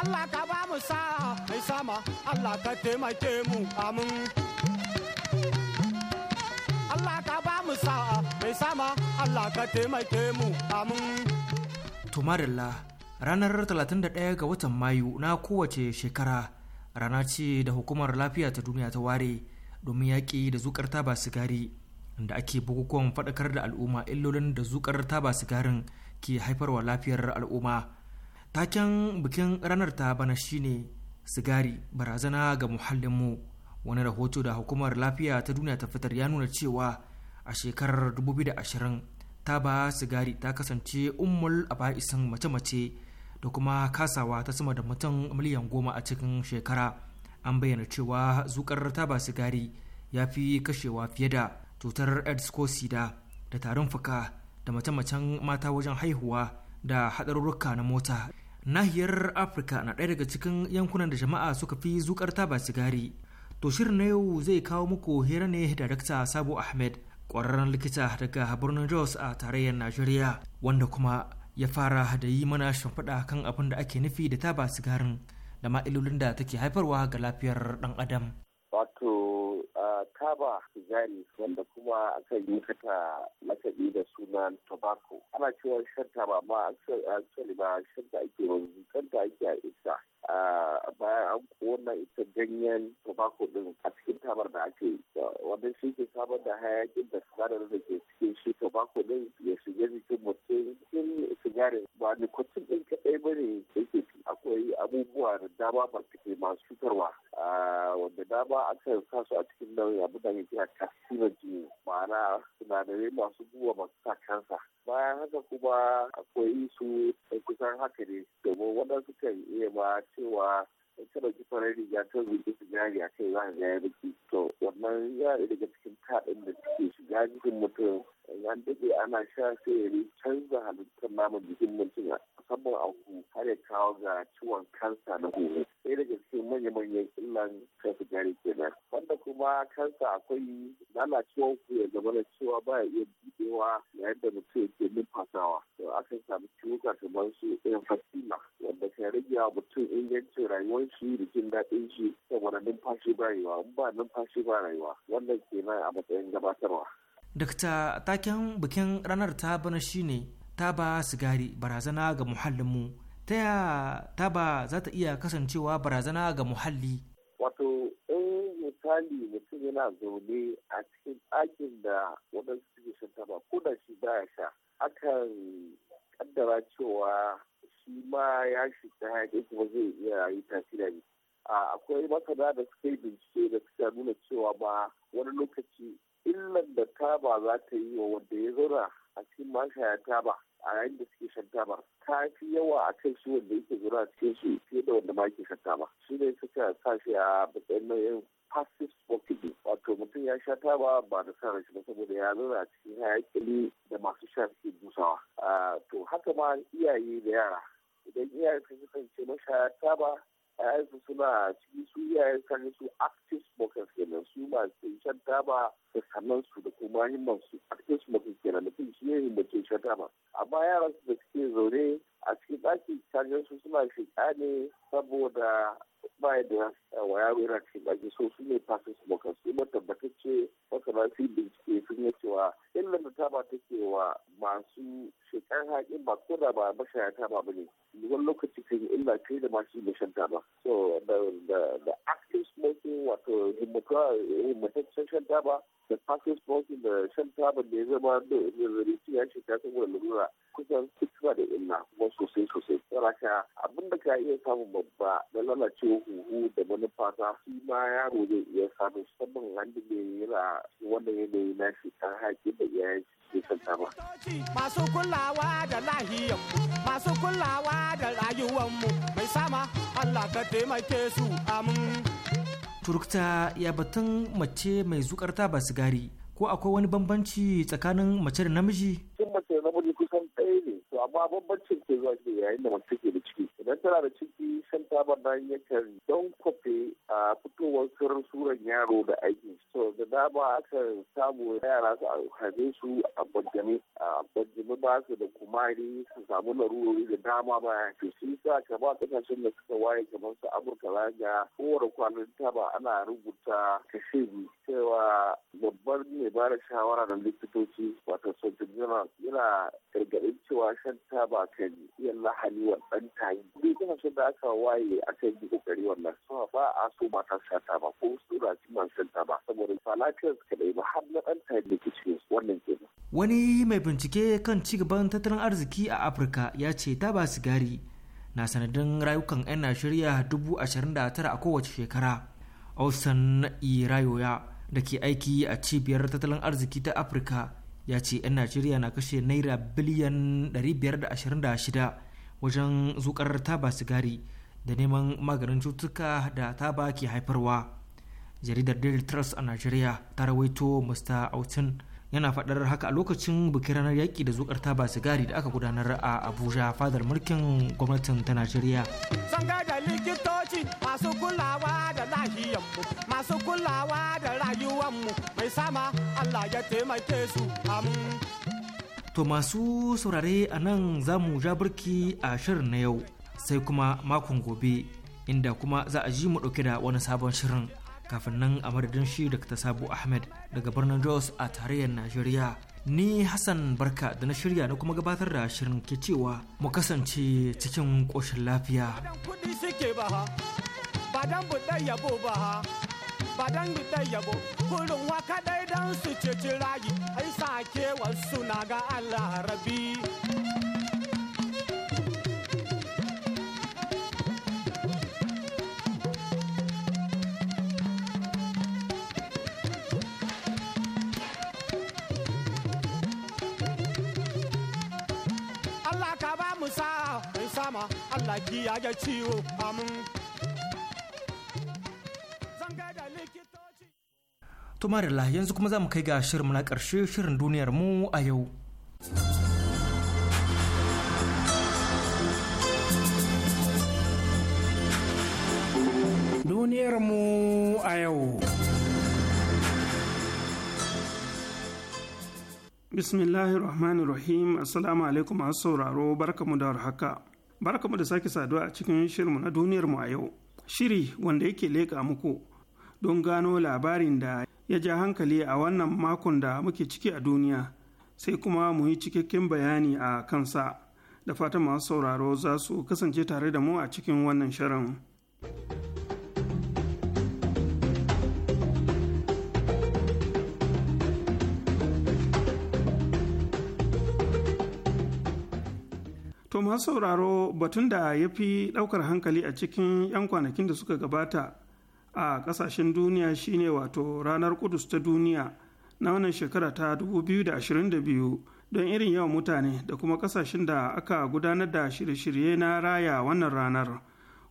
Allah ka ba mu sa mai sama Allah ka taimake mu amin Allah ka ba mu sa mai sama Allah ka taimake mu amin. madalla ranar 31 ga watan Mayu na kowace shekara rana ce da hukumar lafiya ta duniya ta ware domin yaƙi da zukar taba sigari da ake bukukuwan faɗakar da al'umma illolin da zukar taba sigarin ke haifarwa lafiyar al'umma. Taken bikin ranar ta bana shine sigari barazana ga muhallinmu wani rahoto da hukumar lafiya ta duniya ta fitar ya nuna cewa a shekarar 2020 taba sigari ta kasance ummul a isan mace-mace da kuma kasawa ta sama da mutum miliyan goma a cikin shekara an bayyana cewa zukar taba sigari ya fi kashewa fiye da cutar aids sida da tarin fuka da mace-macen mata wajen haihuwa da haɗarurruka na mota nahiyar afirka na ɗaya daga cikin yankunan da jama'a suka fi zukar taba sigari to shirin na yau zai kawo muku hira ne darakta Sabu ahmed ƙwararren likita daga birnin jos a tarayyar najeriya wanda kuma ya fara da yi mana shimfiɗa kan abin da ake nufi da taba sigarin da ma'ilolin da take haifarwa ga lafiyar ɗan adam wato taba sigari wanda kuma aka yi kata lakabi da sunan tobacco ana cewa shan taba ma a ba shan da ake wanzu shan da ake a isa bayan an kona ita ganyen tobacco din a cikin tabar da ake wannan shi ke samar da hayakin da sinadar da ke cikin shi tobacco din ya shiga jikin mutum cikin sigarin ba nikotin din kaɗai ba ne yake akwai abubuwa da dama barkatai masu cutarwa wanda dama aka sa su a cikin nauyi abu da yake a jini ma'ana sinadarai masu guba masu sa kansa bayan haka kuma akwai su kusan haka ne domin waɗansu kan iya ma cewa ta ki fara riga ta su sigari a kai za ga ya baki to wannan ya daga cikin taɗin da suke shiga jikin mutum an daɗe ana sha sai ya canza halittar naman jikin mutum musamman a huhu har ya kawo ga ciwon kansa na huhu sai daga cikin manya-manyan illan kan jari kenan wanda kuma kansa akwai lalacewar ku ya zama da cewa ba ya iya bidewa yayin da mutum yake numfasawa to akan samu ciwuka kamar su irin wa mutum ingancin rayuwar shi da jin daɗin shi saboda numfashi ba rayuwa in ba numfashi ba rayuwa wannan nan a matsayin gabatarwa. Dakta taken bikin ranar ta bana shi shine taba sigari barazana ga muhallinmu ta ya ba za ta iya kasancewa barazana ga muhalli. Wato in misali mutum yana zaune a cikin ɗakin da waɗansu suke shan taba ko da shi baya sha akan kaddara cewa shi ma ya shi da hayaƙin kuma zai iya yi tasiri akwai masana da suka yi bincike da suka nuna cewa ba. wani lokaci illan da taba za ta yi wa wanda ya zauna a cikin mashaya taba a yayin da suke shan taba ta fi yawa a kan su wanda yake zuwa a cikin su fiye da wanda ma yake shan taba shi ne suka sa shi a matsayin nau'in passive smoking wato mutum ya sha taba ba da sa shi ba saboda ya zauna a cikin hayaƙi da masu sha suke busawa to haka ma iyaye da yara jam'iyyar ta kasance mashayarta ba ‘ya'yansu suna cikin su iyayen kan su active smokers kenan su masu shan taba da sannan su da kuma himman su active smokers kenan mutum shi ne mutum shan taba amma yaran su da suke zaune a cikin ɗaki kajin su suna shiga ne saboda ba da za su wa yaro yana cikin ɗaki so su ne fasin smokers su tabbatacce masana su bincike sun yi cewa illar da taba take wa masu shekar haƙin ba ko da ba mashaya taba ba ne wani lokaci kan yi illa kai da masu mashan ba so da da wanda wato eh, himmataccen shan taba da passive smoking da shan taba da ya zama da zazzabin ya shiga saboda lura kusan suna da illa kuma sosai sosai saraka abin da ka iya samun babba na lalace huhu da manufa ta fi ma yaro zai iya samun saman wanda ne wanda ya yanayi na shi ta haƙi da iyayen shi ke shan taba. masu kulawa da lahiyar masu kulawa da rayuwar mu mai sama Allah ka taimake su amin. turukta ya batun mace mai zukar taba sigari ko akwai wani bambanci tsakanin mace da namiji? Cin mace da namiji kusan ɗaya ne, to amma bambancin ke zuwa ke yayin da mace ke da ciki. idan tana da ciki shan tabar bayan yakan don kwafe a fitowar sirrin suran yaro da aiki so da dama aka samu yara su haife su a bajjame a bajjame ba su da kumari su samu larurori da dama ba to shi sa ba kasashen da suka waye kamar su amurka zaga kowane kwanan taba ana rubuta kashe cewa babbar mai ba da shawara da likitoci wato sojin yana gargaɗin cewa shan taba kan iya lahani wa ɗan tayi duk shan da aka waye aka yi kokari wannan kuma ba a so mata sha taba ko su na shan taba saboda ba lafiyar su kaɗai ba har na ɗan tayi da ke cikin wannan kenan. wani mai bincike kan ci gaban tattalin arziki a afirka ya ce taba sigari na sanadin rayukan 'yan shirya dubu ashirin da tara a kowace shekara. Austin Irayoya da ke aiki a cibiyar tattalin arziki ta afirka ya ce 'yan najeriya na kashe naira biliyan 526 wajen zukar taba sigari da neman maganin cutuka da taba ke haifarwa jaridar daily trust a najeriya ta rawaito mr autin yana faɗar haka a lokacin bikin ranar yaƙi da zukar taba sigari da aka gudanar a abuja fadar mulkin gwamnatin ta najeriya sanga da likitoci masu kulawa da lahiyanmu masu kulawa da rayuwanmu mai sama allah ya taimake su to masu saurare a nan za mu ja birki a shirin na yau sai kuma makon gobe inda kuma za a ji mu ɗauke da wani sabon shirin kafin nan a madadin shi da sabu ahmed daga birnin jos a tarayyar najeriya ni hassan barka da na shirya na kuma gabatar da shirin ke cewa mu kasance cikin ƙoshin lafiya badan dan buɗe yabo kurin waka dai dan su ce ci rayu ai sake wasu na ga allah rabi Allah ya ciwo amin. yanzu kuma za mu kai ga shirin na ƙarshe shirin duniyar mu a yau. Duniyar mu a yau. Bismillahirrahmanirrahim Assalamu alaikum masu sauraro barkamu da warhaka. barkamu da sake saduwa a cikin shirinmu na duniyarmu a yau shiri wanda yake leƙa muku don gano labarin da ya ja hankali a wannan makon da muke ciki a duniya sai kuma mu yi cikakken bayani a kansa da fata masu sauraro za su kasance tare da mu a cikin wannan shirin. To masu sauraro batun da ya fi ɗaukar hankali a cikin 'yan kwanakin da suka gabata a ƙasashen duniya shine wato ranar kudus ta duniya na wannan shekara ta 2022 don irin yawan mutane da kuma ƙasashen da aka gudanar da shirye-shirye na raya wannan ranar.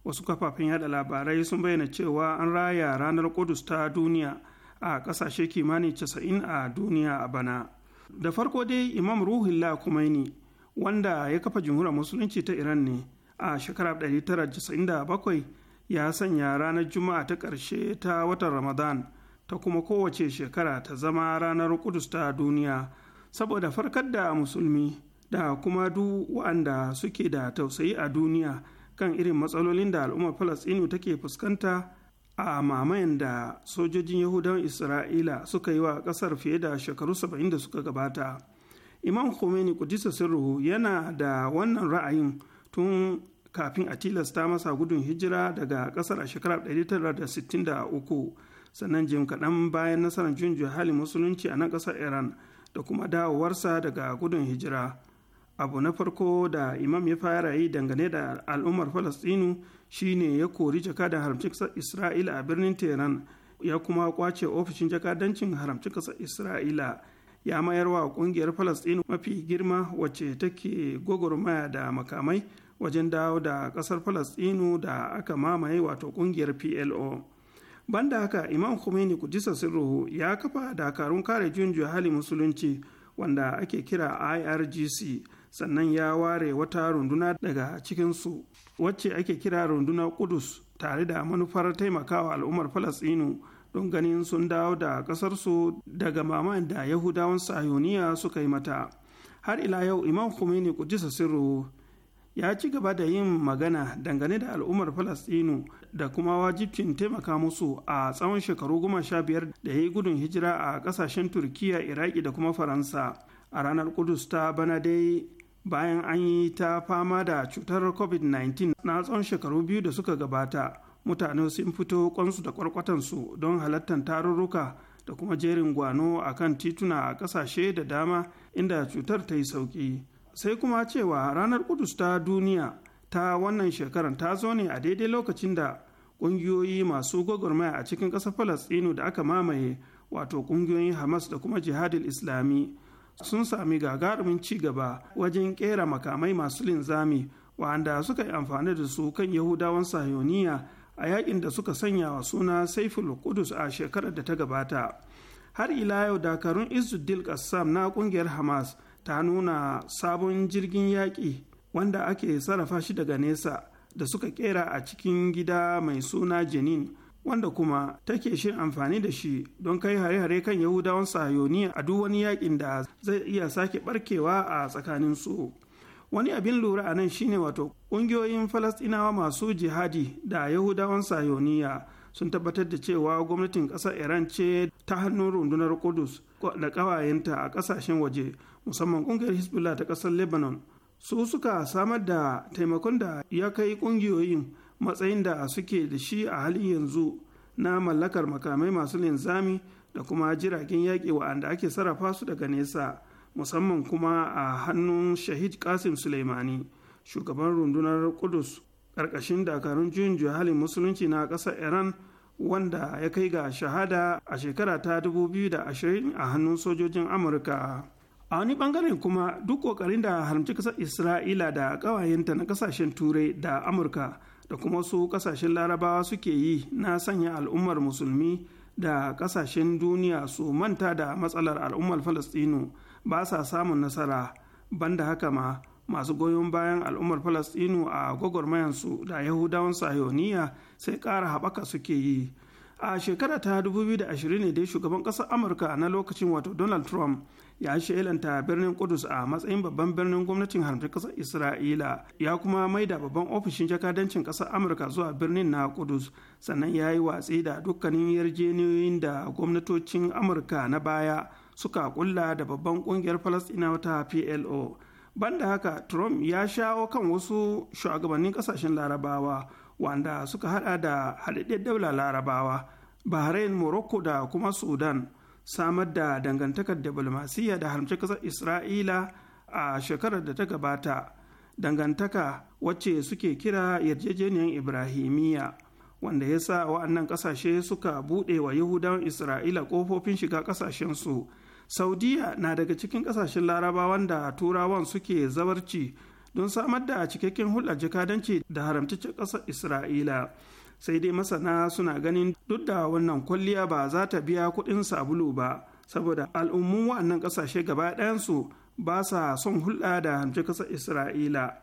Wasu kafafen yada labarai sun bayyana cewa an raya ranar kudus ta duniya a ƙasashe kimanin 90 a duniya a bana. Da farko dai Imam Ruhullah Kumaini. wanda ya kafa jumhuriyar musulunci ta iran ne a shekarar 1997 ya sanya ranar juma'a ta ƙarshe ta watan ramadan ta kuma kowace shekara ta zama ranar kudus ta duniya saboda farkar da musulmi da kuma duk waɗanda suke da tausayi a duniya kan irin matsalolin da al'ummar falasɗinu take fuskanta a mamayen da sojojin yahudawan isra'ila suka yi wa ƙasar fiye da shekaru 70 da suka gabata imam khomeini kudisa sirruhu yana da wannan ra'ayin tun kafin a tilasta masa gudun hijira daga kasar a shekarar 1963 sannan jim kaɗan bayan nasarar junjiyar hali musulunci a nan ƙasar iran da kuma dawowarsa daga gudun hijira abu na farko da imam ya fara yi dangane da al'ummar falastinu shine ya kori jakadan haramcin ƙasar isra'ila a birnin tehran ya kuma kwace ofishin jakadancin haramcin ƙasar isra'ila ya mayar wa kungiyar falastin mafi girma wacce take gwagwarmaya da makamai wajen dawo da kasar falastinu da aka mamaye wato kungiyar plo banda haka imam khomeini kudisa sirruhu ya kafa dakarun kare juyin hali musulunci wanda ake kira irgc sannan ya ware wata runduna daga cikinsu wacce ake kira runduna kudus tare da manufar taimakawa al'ummar falastinu don ganin sun dawo da ƙasarsu daga mamayin da yahudawan sayoniya suka yi mata har ila yau imam khomeini kudisa sirru ya ci gaba da yin magana dangane da al'ummar falastinu da kuma wajibcin taimaka musu a tsawon shekaru goma sha biyar da ya yi gudun hijira a ƙasashen turkiya iraki da kuma faransa a ranar kudus ta bana dai bayan an yi ta fama da cutar covid-19 na tsawon shekaru biyu da suka gabata mutane sun fito kwansu da kwarkwatansu don halartar tarurruka da kuma jerin gwano a kan tituna a kasashe da dama inda cutar ta yi sauƙi sai kuma cewa ranar kudus ta duniya ta wannan shekarar ta zo ne a daidai lokacin da ƙungiyoyi masu gwagwarmaya a cikin ƙasar falastinu da aka mamaye wato ƙungiyoyin hamas da kuma jihadil islami sun sami gagarumin ci gaba wajen ƙera makamai masu linzami wa'anda suka yi amfani da su kan yahudawan sahiyoniya a yakin da suka sanya wa suna saiful kudus a shekarar da ta gabata har ila yau dakarun izuddil qassam na kungiyar hamas ta nuna sabon jirgin yaƙi wanda ake sarrafa shi daga nesa da suka kera a cikin gida mai suna jenin wanda kuma take shi amfani da shi don kai hare-hare kan yahudawan sayoni a duk wani yakin da zai iya sake barkewa a tsakaninsu wani abin lura a nan shine wato ƙungiyoyin falastinawa masu jihadi da yahudawan sayoniya sun tabbatar da cewa gwamnatin ƙasar iran ce ta hannun rundunar kudus da ƙawayenta a ƙasashen waje musamman ƙungiyar hezbollah ta ƙasar lebanon su suka samar da taimakon da ya kai ƙungiyoyin matsayin da suke da shi a halin yanzu na mallakar makamai masu linzami da kuma jiragen yaƙi wa'anda ake sarrafa su daga nesa musamman kuma a hannun shahid kasim suleimani shugaban rundunar kudus ƙarƙashin dakarun juyin halin musulunci na ƙasar iran wanda ya kai ga shahada a shekara ta 2020 a hannun sojojin amurka a wani bangaren kuma duk kokarin da haramci ƙasar isra'ila da ƙawayenta na ƙasashen turai da amurka da kuma su ƙasashen larabawa suke yi na sanya al'ummar musulmi da ƙasashen duniya su manta da matsalar al'ummar falastinu ba sa samun nasara banda haka ma masu goyon bayan al'ummar falastinu a gwagwarmayansu da yahudawan sahiyoniya sai kara haɓaka suke yi a shekara ta 2020 ne dai shugaban ƙasar amurka na lokacin wato donald trump ya shailanta birnin kudus a matsayin babban birnin gwamnatin haramta ƙasar isra'ila ya kuma maida babban ofishin jakadancin ƙasar amurka zuwa birnin na kudus sannan ya yi watsi da dukkanin yarjejeniyoyin da gwamnatocin amurka na baya suka kulla da babban kungiyar falastina ta plo banda haka trump ya shawo kan wasu shugabannin kasashen larabawa wanda suka hada da haɗaɗɗen daular larabawa bahrain morocco da kuma sudan samar da dangantakar diplomasiyya da haramci kasar isra'ila a shekarar da ta gabata dangantaka wacce suke kira yarjejeniyar ibrahimiyya wanda ya sa wa'annan kasashe suka buɗe wa yahudawan isra'ila kofofin shiga ƙasashensu saudiya na daga cikin kasashen laraba wanda turawan suke zabarci don samar da cikakken hulɗar jakadanci da haramtaccen ƙasar isra'ila sai dai masana suna ganin duk da wannan kwalliya ba za ta biya kuɗin sabulu ba saboda al'ummun wa'annan ƙasashe gaba ɗayansu ba sa son hulɗa da haramci ƙasar isra'ila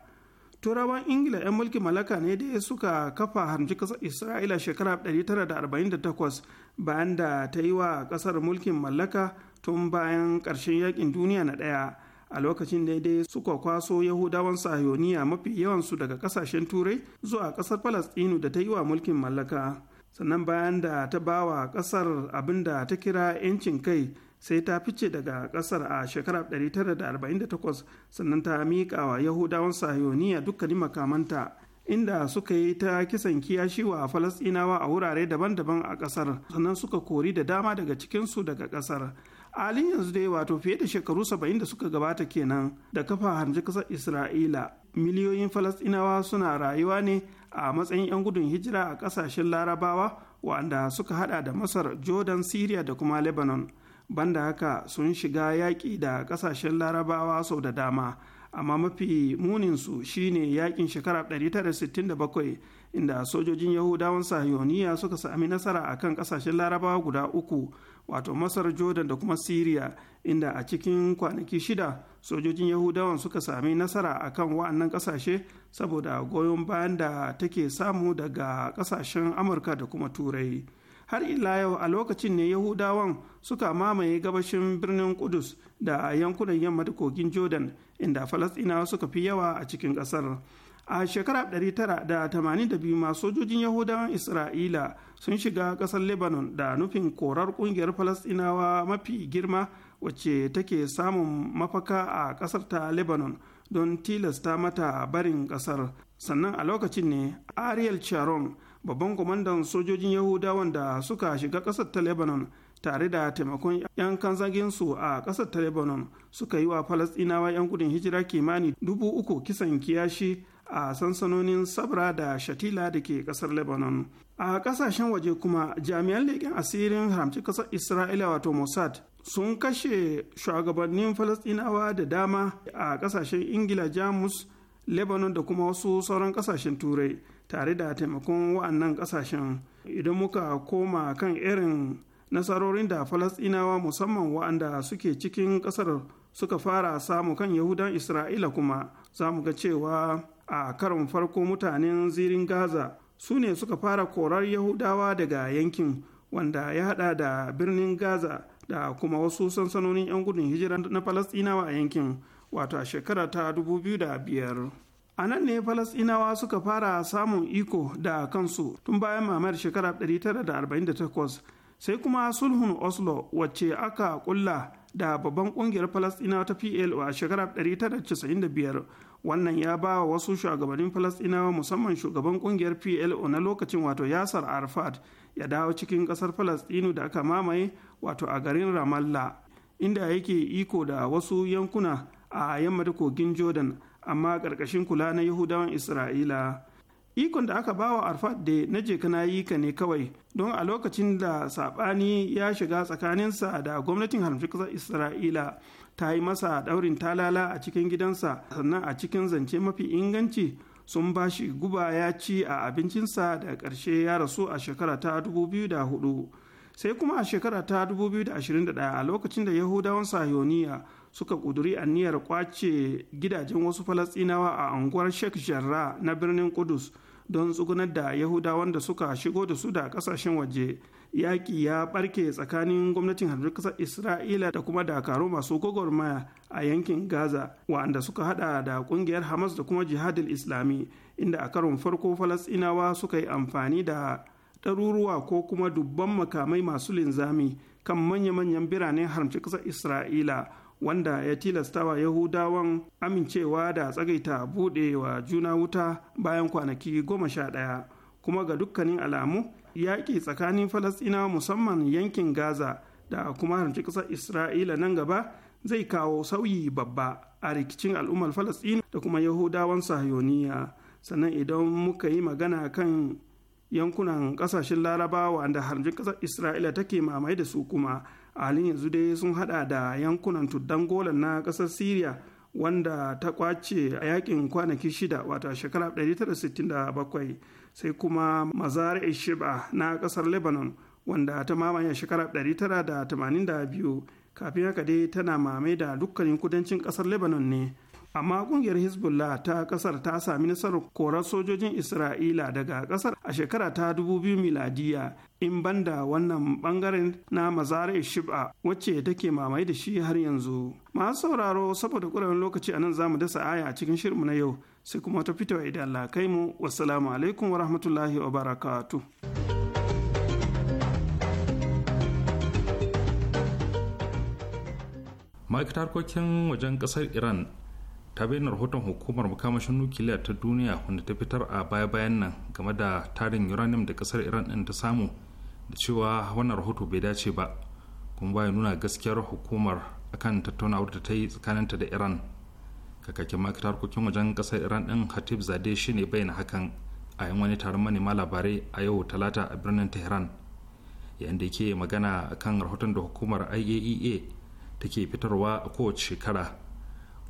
turawan ingila 'yan mulki malaka ne da suka kafa haramci ƙasar isra'ila shekara 1948 bayan da ta yi wa ƙasar mulkin mallaka tun bayan ƙarshen yakin duniya na ɗaya a lokacin da dai suka kwaso yahudawan sahiyoniya mafi yawansu daga ƙasashen turai zuwa ƙasar falastinu da ta yi wa mulkin mallaka sannan bayan da ta ba wa ƙasar abin da ta kira 'yancin kai sai ta fice daga ƙasar a shekarar 1948 sannan ta miƙa wa yahudawan sahiyoniya dukkanin makamanta inda suka yi ta kisan kiyashi wa falasɗinawa a wurare daban-daban a ƙasar sannan suka kori da dama daga cikinsu daga ƙasar halin yanzu dai wato fiye da shekaru saba'in da suka gabata kenan da kafa harji kasar isra'ila miliyoyin falasɗinawa suna rayuwa ne a matsayin 'yan gudun hijira a kasashen larabawa wanda suka hada da masar jordan syria da kuma lebanon banda haka sun shiga yaƙi da ƙasashen larabawa sau da dama amma mafi muninsu shine yaƙin shekara 1967 inda sojojin yahudawan sahiyoniya suka sami nasara akan ƙasashen larabawa guda uku wato masar jordan da kuma syria inda a cikin kwanaki shida sojojin yahudawan suka sami nasara a kan wa'annan kasashe saboda goyon bayan da take samu daga kasashen amurka da kuma turai har ila yau a lokacin ne yahudawan suka mamaye gabashin birnin kudus da yankunan yamma da kogin jordan inda falasɗinawa suka fi yawa a cikin ƙasar a shekarar 982 ma sojojin yahudawan isra'ila sun shiga kasar lebanon da nufin korar kungiyar falastinawa mafi girma wacce take samun mafaka a kasar ta lebanon don tilasta mata barin kasar. sannan a lokacin ne ariel sharon babban kwamandan sojojin yahudawan da suka shiga kasar ta lebanon tare da taimakon 'yan kanzaginsu a kasar ta lebanon suka yi wa falasɗinawa 'yan gudun hijira kimani dubu uku kisan kiyashi a sansanonin sabra da shatila da ke kasar lebanon a kasashen waje kuma jami'an leƙen asirin haramci kasar isra'ila wato mossad sun kashe shugabannin falasɗinawa da dama a kasashen ingila jamus lebanon da kuma wasu sauran kasashen turai tare da taimakon wa'annan kasashen idan muka koma kan irin nasarorin da falasɗinawa musamman wa'anda suke cikin ƙasar suka fara samu kan yahudan isra'ila kuma za mu ga cewa a karon farko mutanen zirin gaza su ne suka fara korar yahudawa daga yankin wanda ya hada da birnin gaza da kuma wasu sansanonin 'yan gudun hijira na falasɗinawa a yankin wato a shekara ta 2005 a nan ne falasɗinawa suka fara samun iko da kansu tun bayan mamayar shekara 1948 sai kuma sulhun oslo wacce aka kulla da babban kungiyar falasɗinawa ta plo a shekara 1995 wannan ya ba wa wasu shugabannin falasɗinawa musamman shugaban kungiyar plo na lokacin wato yasar arfad ya dawo cikin ƙasar falasɗinu da aka mamaye wato a garin ramallah inda yake iko da wasu yankuna a yamma da kogin jordan amma ƙarƙashin kula na yahudawan isra'ila ikon da aka bawa arfad da na je kana yi ka ne kawai don a lokacin da saɓani ya shiga tsakaninsa da gwamnatin kasar isra'ila ta yi masa daurin talala a cikin gidansa sannan a cikin zance mafi inganci sun ba shi guba ya ci a abincinsa da ƙarshe ya rasu a shekara ta 2004 sai kuma a shekara ta 2021 a lokacin da yahudawan sayoniya suka ƙuduri aniyar kwace gidajen wasu falasɗinawa a unguwar sheikh jarrah na birnin kudus don tsugunar da yahudawan da suka shigo da su da kasashen waje yaƙi ya ɓarke tsakanin gwamnatin harbin ƙasar isra'ila da kuma dakaru masu gwagwarmaya a yankin gaza wa'anda suka hada da ƙungiyar hamas da kuma jihadin islami inda a karon farko falasɗinawa suka yi amfani da ɗaruruwa ko kuma dubban makamai masu linzami kan manya-manyan biranen harmci ƙasar isra'ila wanda ya tilastawa yahudawan amincewa da tsagaita buɗe wa juna wuta bayan kwanaki goma sha ɗaya kuma ga dukkanin alamu yaƙi tsakanin falasɗinawa musamman yankin gaza da kuma harci ƙasar isra'ila nan gaba zai kawo sauyi babba a rikicin al'ummar falasɗin da kuma yahudawan sahiyoniya sannan idan muka yi magana kan yankunan ƙasashen larabawa da harjin ƙasar isra'ila take mamaye da su kuma a halin yanzu dai sun hada da yankunan tuddangola na kasar syria wanda ta kwace a yakin kwanaki shida wata shekara 1967 sai kuma mazar e shiba na kasar lebanon wanda ta mamaye shekara 1982 kafin haka dai tana mame da dukkanin kudancin kasar lebanon ne amma kungiyar hezbollah ta kasar ta sami nasarar korar sojojin isra'ila daga kasar a shekara ta 2000 miladiya in banda wannan bangaren na mazari shib'a wacce take mamaye da shi har yanzu masu sauraro saboda ƙwararren lokaci a nan zamu dasa aya a cikin shirinmu na yau sai kuma ta wa idan Allah kai mu wassalamu alaikum wa rahmatullahi wa barakatu ma'aikatar harkokin wajen kasar iran ta bayyana rahoton hukumar makamashin nukiliya ta duniya wanda ta fitar a baya-bayan nan game da tarin uranium da kasar iran din ta samu da cewa wannan rahoto bai dace ba kuma baya nuna gaskiyar hukumar akan tattaunawar da ta yi tsakaninta da iran kakakin makita harkokin wajen kasar iran din hatib zade shi ne bayyana hakan a yan wani taron manema labarai a yau talata a birnin tehran yayin da ke magana akan rahoton da hukumar iaea e take fitarwa a kowace shekara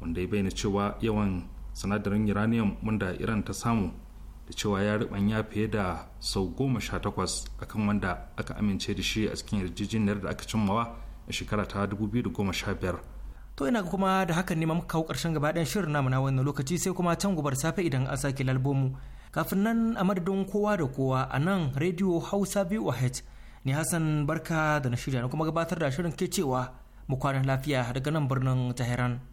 wanda ya bayyana cewa yawan sinadarin uranium wanda iran ta samu da cewa ya ribanya fiye da sau goma sha takwas akan wanda aka amince da shi a cikin yarjejeniyar da aka cimmawa a shekara ta 2015 to ina kuma da hakan ne muka kawo karshen gaba ɗayan shirin namu na wannan lokaci sai kuma can gubar safe idan an sake lalbomu kafin nan a madadin kowa da kowa a nan rediyo hausa voh ne hassan barka da na shirya na kuma gabatar da shirin ke cewa mu kwana lafiya daga nan birnin tehran